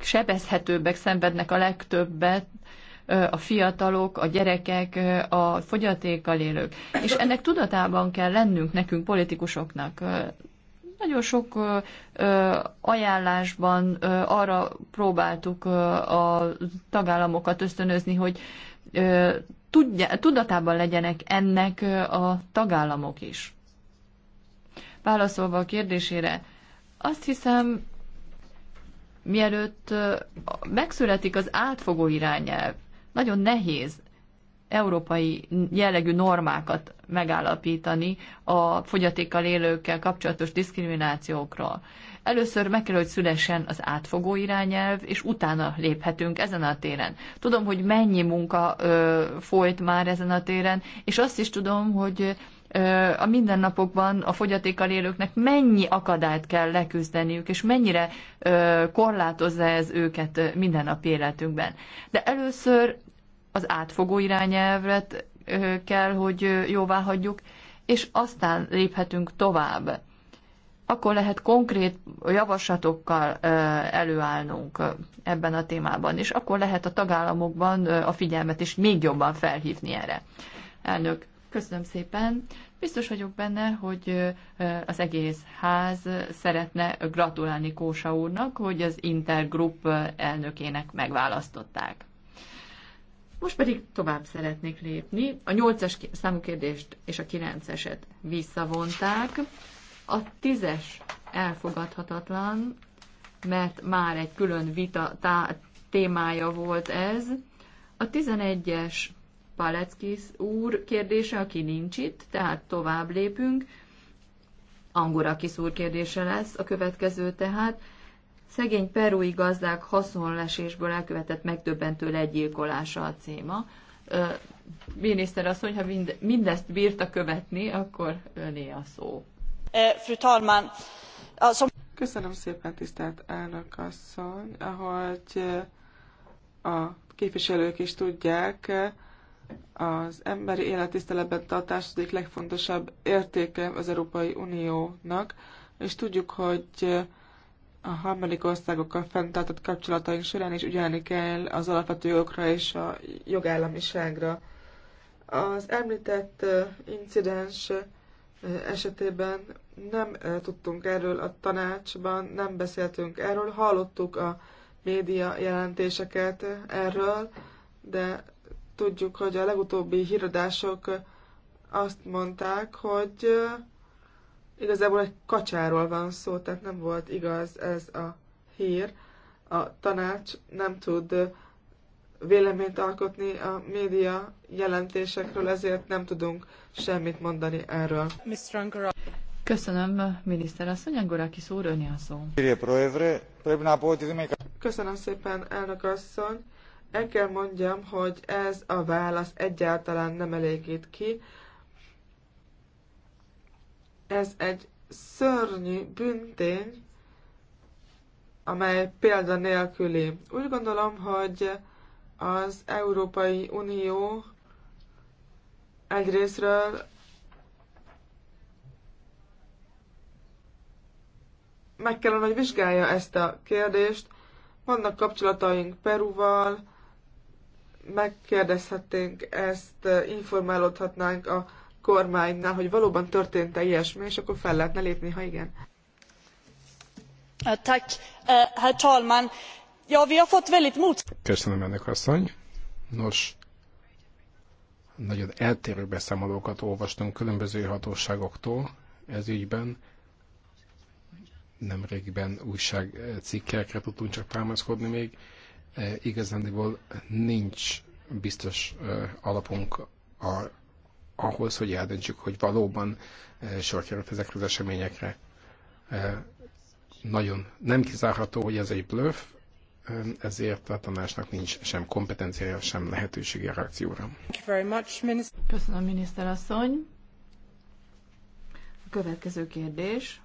sebezhetőbbek szenvednek a legtöbbet, a fiatalok, a gyerekek, a fogyatékkal élők. És ennek tudatában kell lennünk nekünk, politikusoknak. Nagyon sok ajánlásban arra próbáltuk a tagállamokat ösztönözni, hogy tudja, tudatában legyenek ennek a tagállamok is. Válaszolva a kérdésére, azt hiszem, mielőtt megszületik az átfogó irányelv, nagyon nehéz európai jellegű normákat megállapítani a fogyatékkal élőkkel kapcsolatos diszkriminációkról. Először meg kell, hogy szülessen az átfogó irányelv, és utána léphetünk ezen a téren. Tudom, hogy mennyi munka ö, folyt már ezen a téren, és azt is tudom, hogy ö, a mindennapokban a fogyatékkal élőknek mennyi akadályt kell leküzdeniük, és mennyire ö, korlátozza ez őket mindennapi életünkben. De először az átfogó irányelvet kell, hogy jóvá hagyjuk, és aztán léphetünk tovább. Akkor lehet konkrét javaslatokkal előállnunk ebben a témában, és akkor lehet a tagállamokban a figyelmet is még jobban felhívni erre. Elnök, köszönöm szépen. Biztos vagyok benne, hogy az egész ház szeretne gratulálni Kósa úrnak, hogy az Intergroup elnökének megválasztották. Most pedig tovább szeretnék lépni. A 8-as számú kérdést és a 9-eset visszavonták. A 10-es elfogadhatatlan, mert már egy külön vita témája volt ez. A 11-es Paleckis úr kérdése, aki nincs itt, tehát tovább lépünk. kis úr kérdése lesz a következő tehát. Szegény perui gazdák haszonlesésből elkövetett megdöbbentő legyilkolása a címa. Miniszter mondja, ha mindezt bírta követni, akkor öné a szó. Fru talman, Köszönöm szépen, tisztelt elnök asszony. Ahogy a képviselők is tudják, az emberi élettiszteletben tartás az egyik legfontosabb értéke az Európai Uniónak, és tudjuk, hogy a harmadik országokkal fenntartott kapcsolataink során is ügyelni kell az alapvető jogokra és a jogállamiságra. Az említett incidens esetében nem tudtunk erről a tanácsban, nem beszéltünk erről, hallottuk a média jelentéseket erről, de tudjuk, hogy a legutóbbi híradások azt mondták, hogy Igazából egy kacsáról van szó, tehát nem volt igaz ez a hír. A tanács nem tud véleményt alkotni a média jelentésekről, ezért nem tudunk semmit mondani erről. Köszönöm, miniszter asszony, Angorakis úr, ön a szó. Köszönöm szépen, elnök asszony. El kell mondjam, hogy ez a válasz egyáltalán nem elégít ki. Ez egy szörnyű büntény, amely példa nélküli. Úgy gondolom, hogy az Európai Unió egyrésztről meg kellene, hogy vizsgálja ezt a kérdést. Vannak kapcsolataink Peruval, megkérdezhetnénk ezt, informálódhatnánk a kormánynál, hogy valóban történt-e ilyesmi, és akkor fel lehetne lépni, ha igen. Ja, Köszönöm ennek asszony. Nos, nagyon eltérő beszámolókat olvastunk különböző hatóságoktól ez ügyben. Nemrégiben újságcikkekre tudtunk csak támaszkodni még. E, igazándiból nincs biztos e, alapunk a, ahhoz, hogy eldöntsük, hogy valóban eh, sor került ezekre az eseményekre. Eh, nagyon nem kizárható, hogy ez egy bluff, eh, ezért a tanácsnak nincs sem kompetenciája, sem lehetősége reakcióra. Köszönöm, miniszterasszony. A következő kérdés.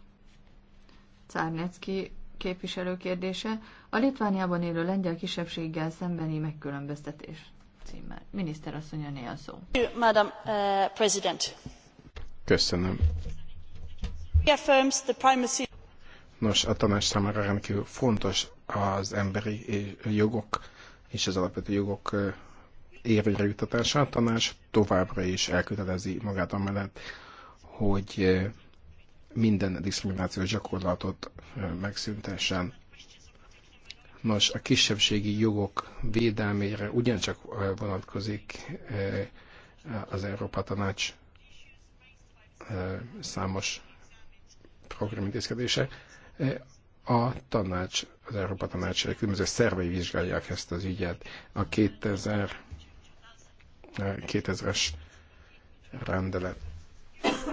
Czárnecki képviselő kérdése. A Litvániában élő lengyel kisebbséggel szembeni megkülönböztetés címmel. Miniszter asszony, a szó. Madam uh, President. Köszönöm. Nos, a tanács számára rendkívül fontos az emberi eh, jogok és az alapvető jogok eh, érvényre juttatása. A tanács továbbra is elkötelezi magát amellett, hogy eh, minden diszkriminációs gyakorlatot megszüntessen Nos, a kisebbségi jogok védelmére ugyancsak vonatkozik az Európa Tanács számos programintézkedése. A tanács, az Európa Tanács különböző szervei vizsgálják ezt az ügyet. A 2000, 2000-es rendelet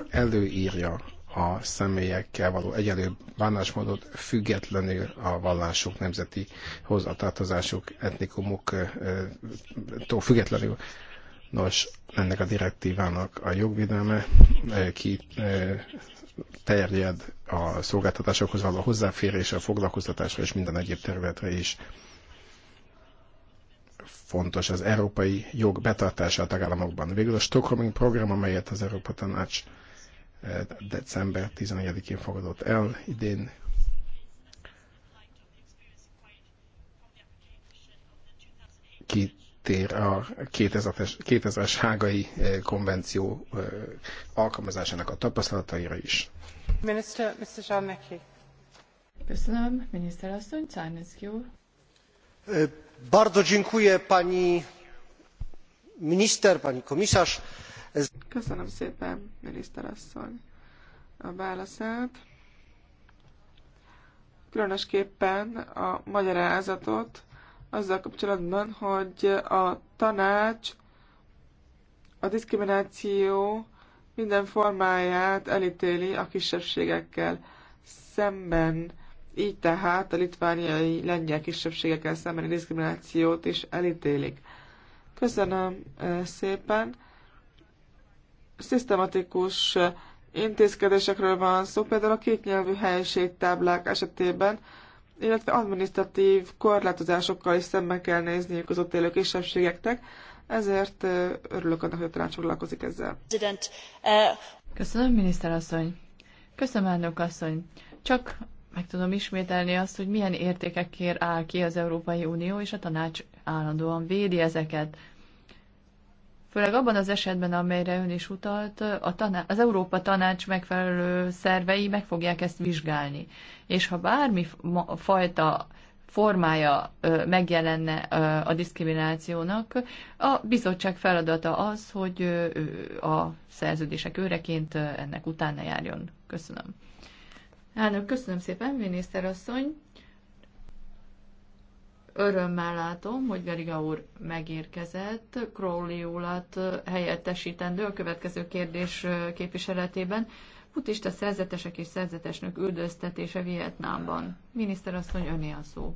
előírja a személyekkel való egyenlő bánásmódot függetlenül a vallások, nemzeti hozzatartozások, etnikumoktól függetlenül. Nos, ennek a direktívának a jogvédelme eh, ki eh, terjed a szolgáltatásokhoz való hozzáférésre, a foglalkoztatásra és minden egyéb területre is fontos az európai jog betartása a tagállamokban. Végül a Stockholming program, amelyet az Európa Tanács december 14-én fogadott el idén. Kitér a 2000-es, 2000-es hágai eh, konvenció eh, alkalmazásának a tapasztalataira is. Minister, Mr. Zsarnaki. Köszönöm, asszony, Czarnecki úr. E, bardzo dziękuję pani minister, pani komisarz. Ez... Köszönöm szépen, miniszterasszony, a válaszát. Különösképpen a magyarázatot azzal kapcsolatban, hogy a tanács a diszkrimináció minden formáját elítéli a kisebbségekkel szemben. Így tehát a litvániai lengyel kisebbségekkel szembeni diszkriminációt is elítélik. Köszönöm szépen! szisztematikus intézkedésekről van szó, például a kétnyelvű helységtáblák esetében, illetve administratív korlátozásokkal is szembe kell nézniük az ott élő kisebbségeknek, ezért örülök annak, hogy a tanács foglalkozik ezzel. Köszönöm, miniszterasszony. Köszönöm, elnök asszony. Csak meg tudom ismételni azt, hogy milyen értékekért áll ki az Európai Unió, és a tanács állandóan védi ezeket főleg abban az esetben, amelyre ön is utalt, a tanács, az Európa Tanács megfelelő szervei meg fogják ezt vizsgálni. És ha bármi fajta formája megjelenne a diszkriminációnak, a bizottság feladata az, hogy a szerződések őreként ennek utána járjon. Köszönöm. Elnök, köszönöm szépen, miniszterasszony. Örömmel látom, hogy Geriga úr megérkezett, Crowley úrát helyettesítendő a következő kérdés képviseletében. Putista szerzetesek és szerzetesnök üldöztetése Vietnámban. Miniszter asszony, öné a szó.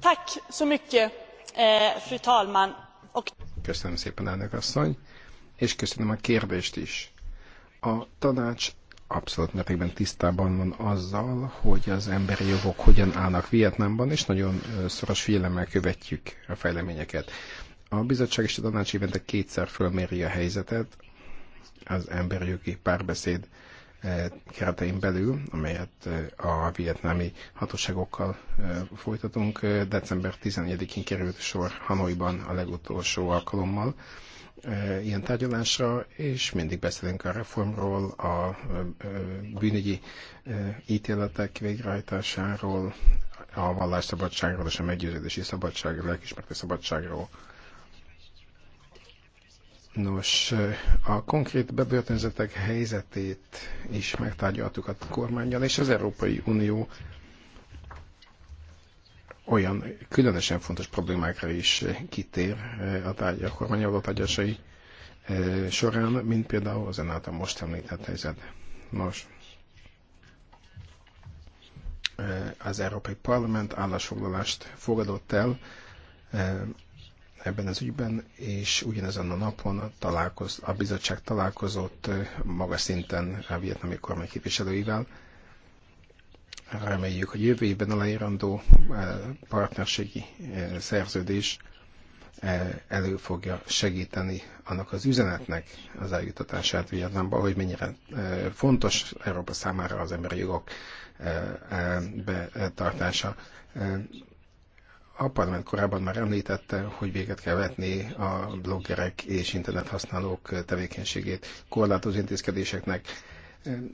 Tak, so mycket, eh, fru talman. Köszönöm szépen, elnök asszony, és köszönöm a kérdést is. A tanács abszolút mértékben tisztában van azzal, hogy az emberi jogok hogyan állnak Vietnámban, és nagyon szoros figyelemmel követjük a fejleményeket. A bizottság és a tanács évente kétszer fölméri a helyzetet az emberi jogi párbeszéd keretein belül, amelyet a vietnámi hatóságokkal folytatunk. December 14-én került sor Hanoiban a legutolsó alkalommal ilyen tárgyalásra, és mindig beszélünk a reformról, a bűnügyi ítéletek végrehajtásáról, a vallásszabadságról és a meggyőződési szabadságról, a lelkismerti szabadságról. Nos, a konkrét bebörtönzetek helyzetét is megtárgyaltuk a kormányjal, és az Európai Unió olyan különösen fontos problémákra is eh, kitér eh, a tárgya a kormányjavó tárgyasai eh, során, mint például az által most említett helyzet. Nos, az Európai Parlament állásfoglalást fogadott el ebben az ügyben, és ugyanezen a napon találkoz, a bizottság találkozott magas szinten a vietnami kormány képviselőivel, Reméljük, hogy jövő évben aláírandó eh, partnerségi eh, szerződés eh, elő fogja segíteni annak az üzenetnek az eljutatását Vietnámba, hogy mennyire fontos Európa számára az emberi jogok betartása. A parlament korábban már említette, hogy véget kell vetni a bloggerek és internethasználók tevékenységét korlátozó intézkedéseknek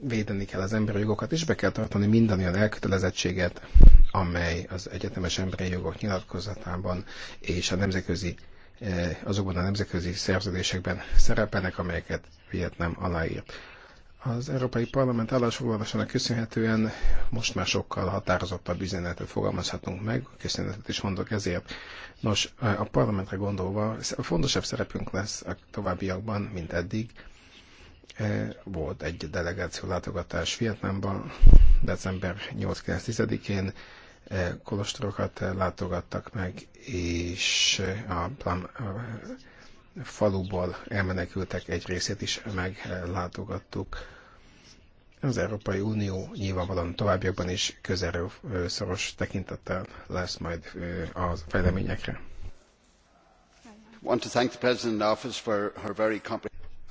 védeni kell az emberi jogokat, és be kell tartani minden olyan elkötelezettséget, amely az egyetemes emberi jogok nyilatkozatában és a nemzetközi eh, azokban a nemzetközi szerződésekben szerepelnek, amelyeket Vietnám aláírt. Az Európai Parlament állásfoglalásának köszönhetően most már sokkal határozottabb üzenetet fogalmazhatunk meg, köszönetet is mondok ezért. Nos, a parlamentre gondolva fontosabb szerepünk lesz a továbbiakban, mint eddig, Eh, volt egy delegáció látogatás Vietnámban december 8-9-10-én, eh, kolostorokat eh, látogattak meg, és a plan, faluból elmenekültek egy részét is meglátogattuk. Az Európai Unió nyilvánvalóan továbbiakban is közelről szoros tekintettel lesz majd a fejleményekre.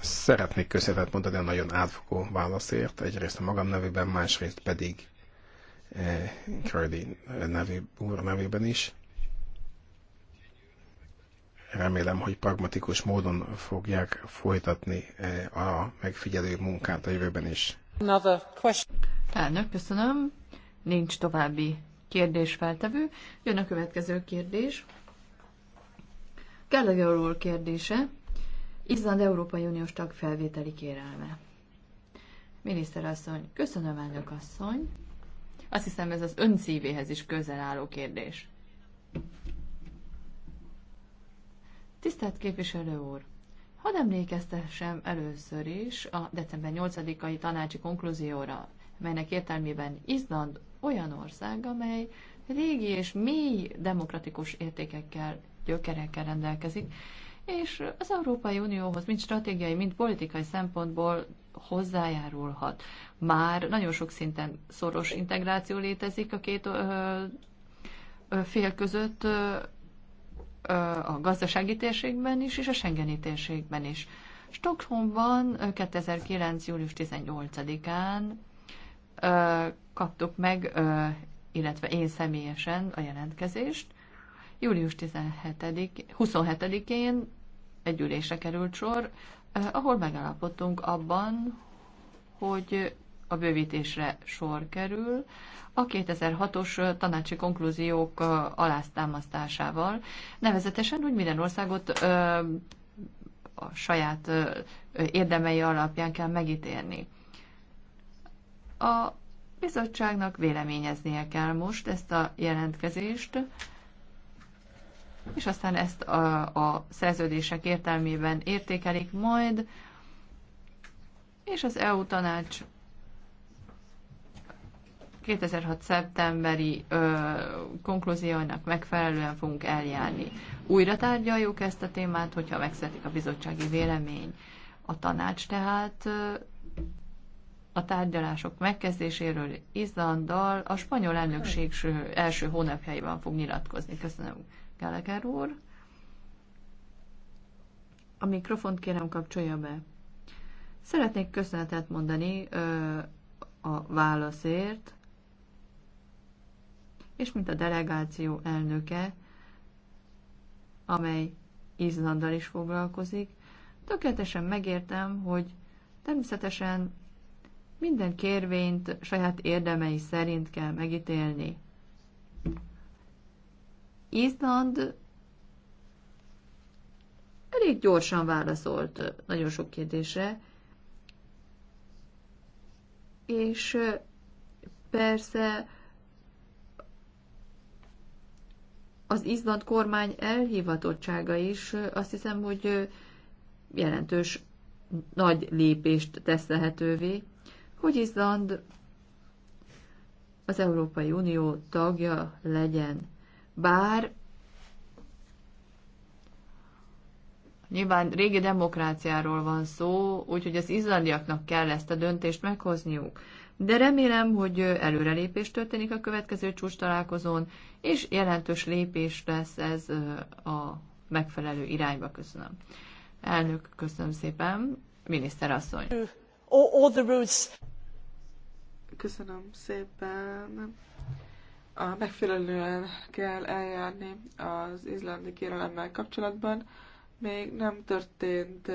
Szeretnék köszönetet mondani a nagyon átfogó válaszért, egyrészt a magam nevében, másrészt pedig eh, Crowley nevű, úr nevében is. Remélem, hogy pragmatikus módon fogják folytatni eh, a megfigyelő munkát a jövőben is. Elnök, köszönöm. Nincs további kérdés feltevő. Jön a következő kérdés. Gallagher úr kérdése. Izland Európai Uniós tag felvételi kérelme. Miniszterasszony, köszönöm, elnök asszony. Azt hiszem, ez az ön szívéhez is közel álló kérdés. Tisztelt képviselő úr! Hadd emlékeztessem először is a december 8-ai tanácsi konklúzióra, melynek értelmében Izland olyan ország, amely régi és mély demokratikus értékekkel, gyökerekkel rendelkezik, és az Európai Unióhoz mind stratégiai, mind politikai szempontból hozzájárulhat. Már nagyon sok szinten szoros integráció létezik a két fél között a gazdasági térségben is, és a Schengeni térségben is. Stockholmban 2009. július 18-án kaptuk meg, illetve én személyesen a jelentkezést. Július 17 27-én egy ülésre került sor, eh, ahol megállapodtunk abban, hogy a bővítésre sor kerül, a 2006-os tanácsi konklúziók eh, aláztámasztásával, nevezetesen, hogy minden országot eh, a saját érdemei alapján kell megítélni. A bizottságnak véleményeznie kell most ezt a jelentkezést, és aztán ezt a, a szerződések értelmében értékelik majd, és az EU tanács 2006. szeptemberi ö, konklúziónak megfelelően fogunk eljárni. Újra tárgyaljuk ezt a témát, hogyha megszületik a bizottsági vélemény. A tanács tehát ö, a tárgyalások megkezdéséről Izlanddal a spanyol elnökség első hónapjaiban fog nyilatkozni. Köszönöm. Gallagher úr. A mikrofont kérem kapcsolja be. Szeretnék köszönetet mondani ö, a válaszért, és mint a delegáció elnöke, amely Izlanddal is foglalkozik, tökéletesen megértem, hogy természetesen minden kérvényt saját érdemei szerint kell megítélni. Izland elég gyorsan válaszolt nagyon sok kérdésre, és persze az izland kormány elhivatottsága is azt hiszem, hogy jelentős nagy lépést tesz lehetővé, hogy Izland az Európai Unió tagja legyen bár nyilván régi demokráciáról van szó, úgyhogy az izlandiaknak kell ezt a döntést meghozniuk. De remélem, hogy előrelépés történik a következő csúcs találkozón, és jelentős lépés lesz ez a megfelelő irányba. Köszönöm. Elnök, köszönöm szépen. Miniszter asszony. All, the Köszönöm szépen a megfelelően kell eljárni az izlandi kérelemmel kapcsolatban. Még nem történt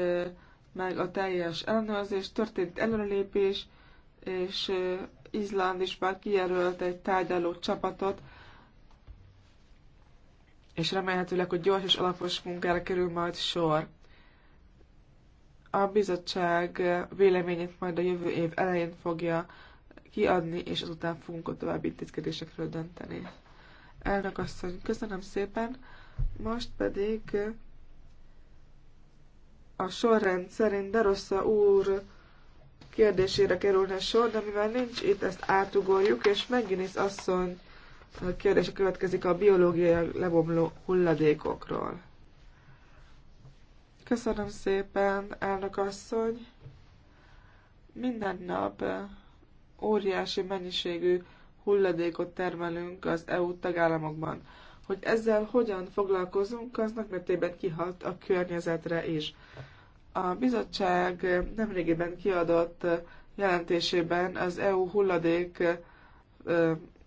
meg a teljes ellenőrzés, történt előrelépés, és Izland is már kijelölt egy tárgyaló csapatot, és remélhetőleg, hogy gyors és alapos munkára kerül majd sor. A bizottság véleményét majd a jövő év elején fogja kiadni, és azután fogunk a további intézkedésekről dönteni. Elnök asszony, köszönöm szépen. Most pedig eh, a sorrend szerint Darossa úr kérdésére kerülne sor, de mivel nincs itt, ezt átugorjuk, és Megginis asszony eh, kérdése következik a biológiai lebomló hulladékokról. Köszönöm szépen, elnök asszony. Minden nap eh, óriási mennyiségű hulladékot termelünk az EU tagállamokban. Hogy ezzel hogyan foglalkozunk, az nagymértékben kihat a környezetre is. A bizottság nemrégiben kiadott jelentésében az EU hulladék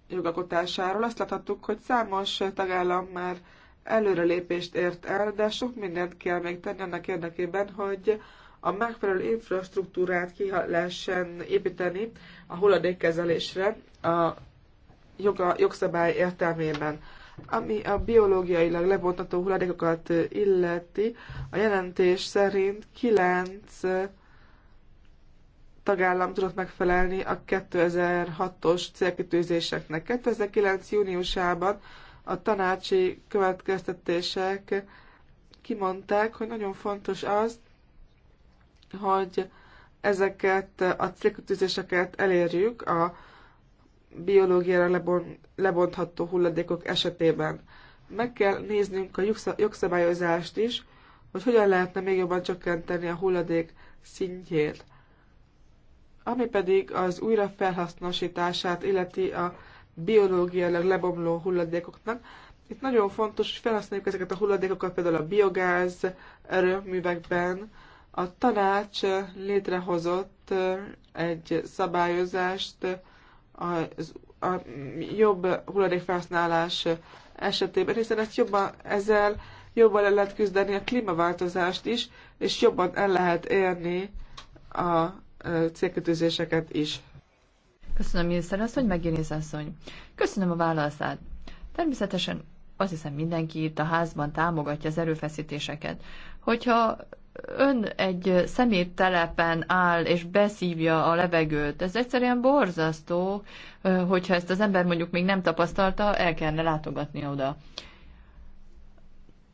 jogakotásáról azt láthattuk, hogy számos tagállam már előrelépést ért el, de sok mindent kell még tenni annak érdekében, hogy a megfelelő infrastruktúrát ki lehessen építeni a hulladékkezelésre a joga, jogszabály értelmében. Ami a biológiailag lebontató hulladékokat illeti, a jelentés szerint 9 tagállam tudott megfelelni a 2006-os célkitűzéseknek. 2009. júniusában a tanácsi következtetések kimondták, hogy nagyon fontos az, hogy ezeket a célkitűzéseket elérjük a biológiára lebontható hulladékok esetében. Meg kell néznünk a jogszabályozást is, hogy hogyan lehetne még jobban csökkenteni a hulladék szintjét. Ami pedig az újrafelhasznosítását illeti a biológiailag lebomló hulladékoknak, itt nagyon fontos, hogy felhasználjuk ezeket a hulladékokat például a biogáz erőművekben, a tanács létrehozott egy szabályozást az a jobb hulladékfelhasználás esetében, hiszen ezt jobban, ezzel jobban el lehet küzdeni a klímaváltozást is, és jobban el lehet érni a célkötőzéseket is. Köszönöm, miniszter asszony, megjelenés asszony. Köszönöm a válaszát. Természetesen azt hiszem mindenki itt a házban támogatja az erőfeszítéseket. Hogyha ön egy szeméttelepen áll és beszívja a levegőt. Ez egyszerűen borzasztó, hogyha ezt az ember mondjuk még nem tapasztalta, el kellene látogatni oda.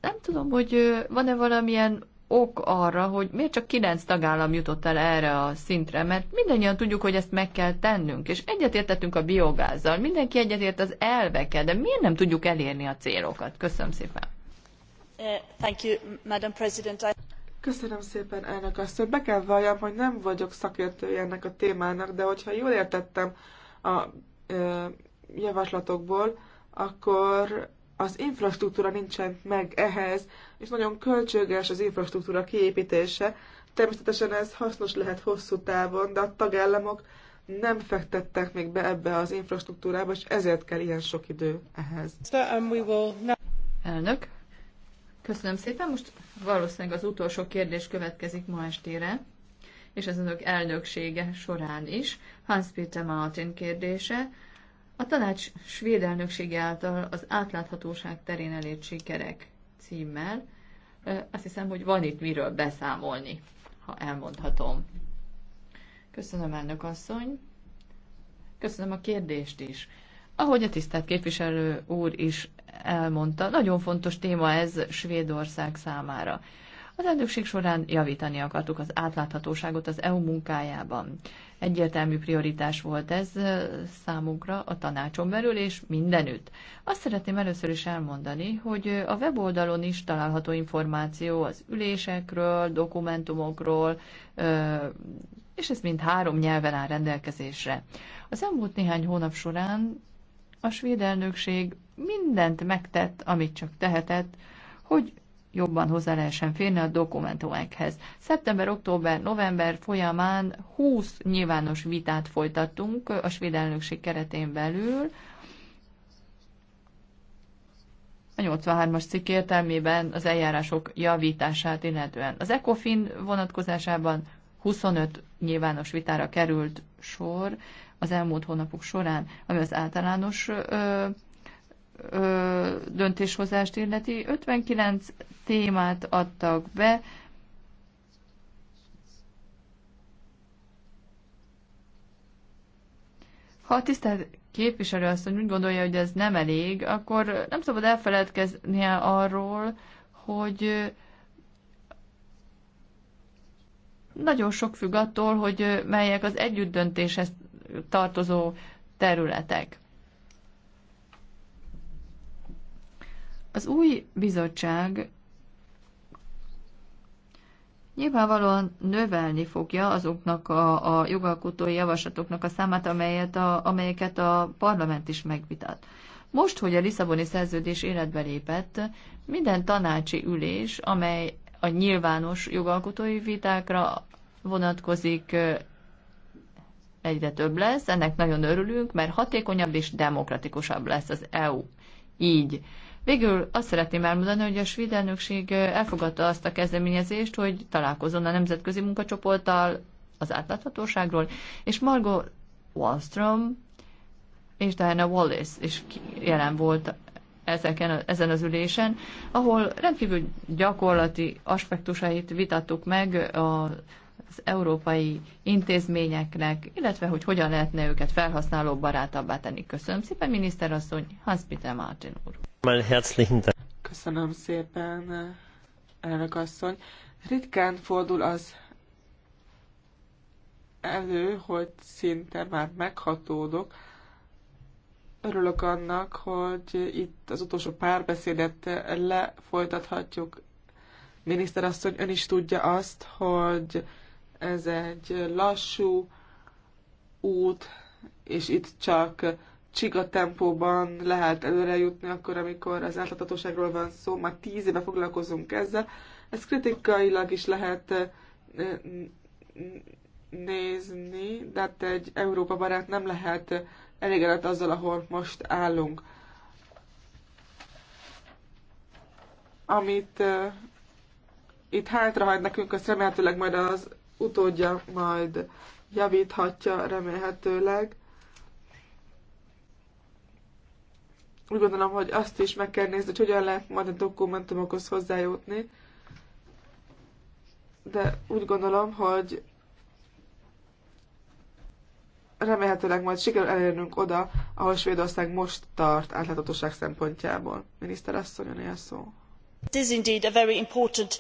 Nem tudom, hogy van-e valamilyen ok arra, hogy miért csak kilenc tagállam jutott el erre a szintre, mert mindannyian tudjuk, hogy ezt meg kell tennünk, és egyetértettünk a biogázzal, mindenki egyetért az elvekkel, de miért nem tudjuk elérni a célokat? Köszönöm szépen. Uh, thank you, Madam President. I... Köszönöm szépen, elnök asszony. Be kell valljam, hogy nem vagyok szakértője ennek a témának, de hogyha jól értettem a ö, javaslatokból, akkor az infrastruktúra nincsen meg ehhez, és nagyon költséges az infrastruktúra kiépítése. Természetesen ez hasznos lehet hosszú távon, de a tagállamok nem fektettek még be ebbe az infrastruktúrába, és ezért kell ilyen sok idő ehhez. Elnök, Köszönöm szépen. Most valószínűleg az utolsó kérdés következik ma estére, és az önök elnöksége során is. Hans Peter Martin kérdése. A tanács svéd elnöksége által az átláthatóság terén elért sikerek címmel. Azt hiszem, hogy van itt miről beszámolni, ha elmondhatom. Köszönöm, elnök asszony. Köszönöm a kérdést is. Ahogy a tisztelt képviselő úr is elmondta, nagyon fontos téma ez Svédország számára. Az elnökség során javítani akartuk az átláthatóságot az EU munkájában. Egyértelmű prioritás volt ez számunkra a tanácson belül és mindenütt. Azt szeretném először is elmondani, hogy a weboldalon is található információ az ülésekről, dokumentumokról, és ez mind három nyelven áll rendelkezésre. Az elmúlt néhány hónap során a svéd elnökség mindent megtett, amit csak tehetett, hogy jobban hozzá lehessen férni a dokumentumekhez. Szeptember, október, november folyamán 20 nyilvános vitát folytattunk a svéd elnökség keretén belül. A 83-as cikk értelmében az eljárások javítását illetően. Az ECOFIN vonatkozásában 25 nyilvános vitára került sor az elmúlt hónapok során, ami az általános ö, ö, döntéshozást illeti, 59 témát adtak be, Ha a tisztelt képviselő azt úgy gondolja, hogy ez nem elég, akkor nem szabad elfeledkeznie arról, hogy nagyon sok függ attól, hogy melyek az együttdöntéshez tartozó területek. Az új bizottság nyilvánvalóan növelni fogja azoknak a, a jogalkotói javaslatoknak a számát, amelyet a, amelyeket a parlament is megvitat. Most, hogy a Lisszaboni szerződés életbe lépett, minden tanácsi ülés, amely a nyilvános jogalkotói vitákra vonatkozik, egyre több lesz. Ennek nagyon örülünk, mert hatékonyabb és demokratikusabb lesz az EU. Így Végül azt szeretném elmondani, hogy a svéd elnökség elfogadta azt a kezdeményezést, hogy találkozzon a nemzetközi munkacsoporttal az átláthatóságról, és Margot Wallström és Diana Wallace is jelen volt ezeken, ezen az ülésen, ahol rendkívül gyakorlati aspektusait vitattuk meg a az európai intézményeknek, illetve hogy hogyan lehetne őket felhasználó barátabbá tenni. Köszönöm szépen, miniszterasszony, Hans-Peter Martin úr. Köszönöm szépen, elnök asszony. Ritkán fordul az elő, hogy szinte már meghatódok. Örülök annak, hogy itt az utolsó párbeszédet lefolytathatjuk. Miniszter asszony, ön is tudja azt, hogy ez egy lassú út, és itt csak csiga tempóban lehet előre jutni, akkor, amikor az átláthatóságról van szó, már tíz éve foglalkozunk ezzel. Ez kritikailag is lehet eh, nézni, de hát egy Európa barát nem lehet elégedett azzal, ahol most állunk. Amit uh, itt hátrahagy nekünk, azt remélhetőleg majd az utódja majd javíthatja, remélhetőleg úgy gondolom, hogy azt is meg kell nézni, hogy hogyan lehet majd a dokumentumokhoz hozzájutni. De úgy gondolom, hogy remélhetőleg majd sikerül elérnünk oda, ahol Svédország most tart átláthatóság szempontjából. Miniszter asszony, a szó. It is indeed a very important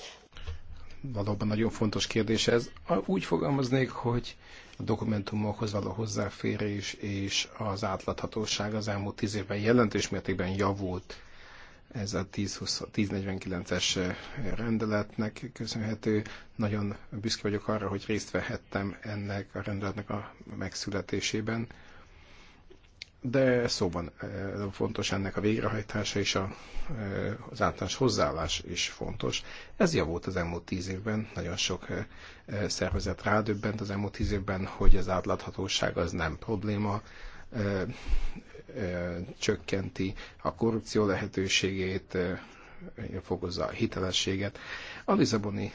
valóban nagyon fontos kérdés ez. Úgy fogalmaznék, hogy a dokumentumokhoz való hozzáférés és az átláthatóság az elmúlt tíz évben jelentős mértékben javult. Ez a 1049-es eh, rendeletnek köszönhető. Nagyon büszke vagyok arra, hogy részt vehettem ennek a rendeletnek a megszületésében de szóban eh, fontos ennek a végrehajtása és a, eh, az általános hozzáállás is fontos. Ez javult az elmúlt tíz évben, nagyon sok eh, szervezet rádöbbent az elmúlt tíz évben, hogy az átláthatóság az nem probléma, csökkenti a korrupció lehetőségét, fokozza a hitelességet. A Lizaboni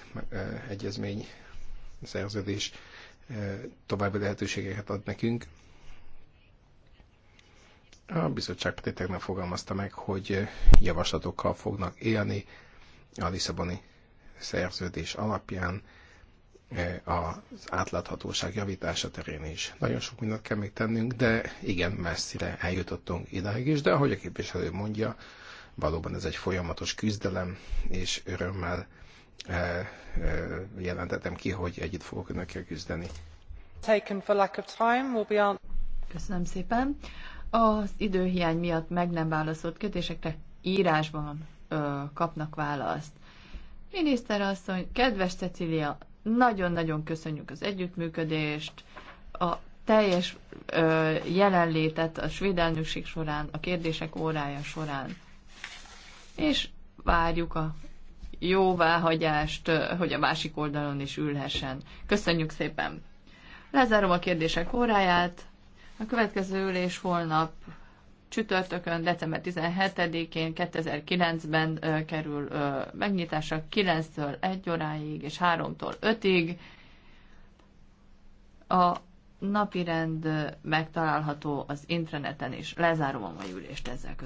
egyezmény szerződés további lehetőségeket ad nekünk, a bizottság pedig tegnap fogalmazta meg, hogy javaslatokkal fognak élni a Lisszaboni szerződés alapján e, az átláthatóság javítása terén is. Nagyon sok mindent kell még tennünk, de igen, messzire eljutottunk idáig is, de ahogy a képviselő mondja, valóban ez egy folyamatos küzdelem, és örömmel e, e, jelentetem ki, hogy együtt fogok önökkel küzdeni. Köszönöm szépen. Az időhiány miatt meg nem válaszolt kötésekre írásban ö, kapnak választ. Miniszterasszony, kedves Cecília, nagyon-nagyon köszönjük az együttműködést, a teljes ö, jelenlétet a svéd elnökség során, a kérdések órája során. És várjuk a jóváhagyást, hogy a másik oldalon is ülhessen. Köszönjük szépen! Lezárom a kérdések óráját. A következő ülés holnap csütörtökön, december 17-én 2009-ben ö, kerül ö, megnyitásra 9-től 1 óráig és 3-tól 5-ig. A napirend megtalálható az interneten is. Lezárom a mai ülést ezzel köszönöm.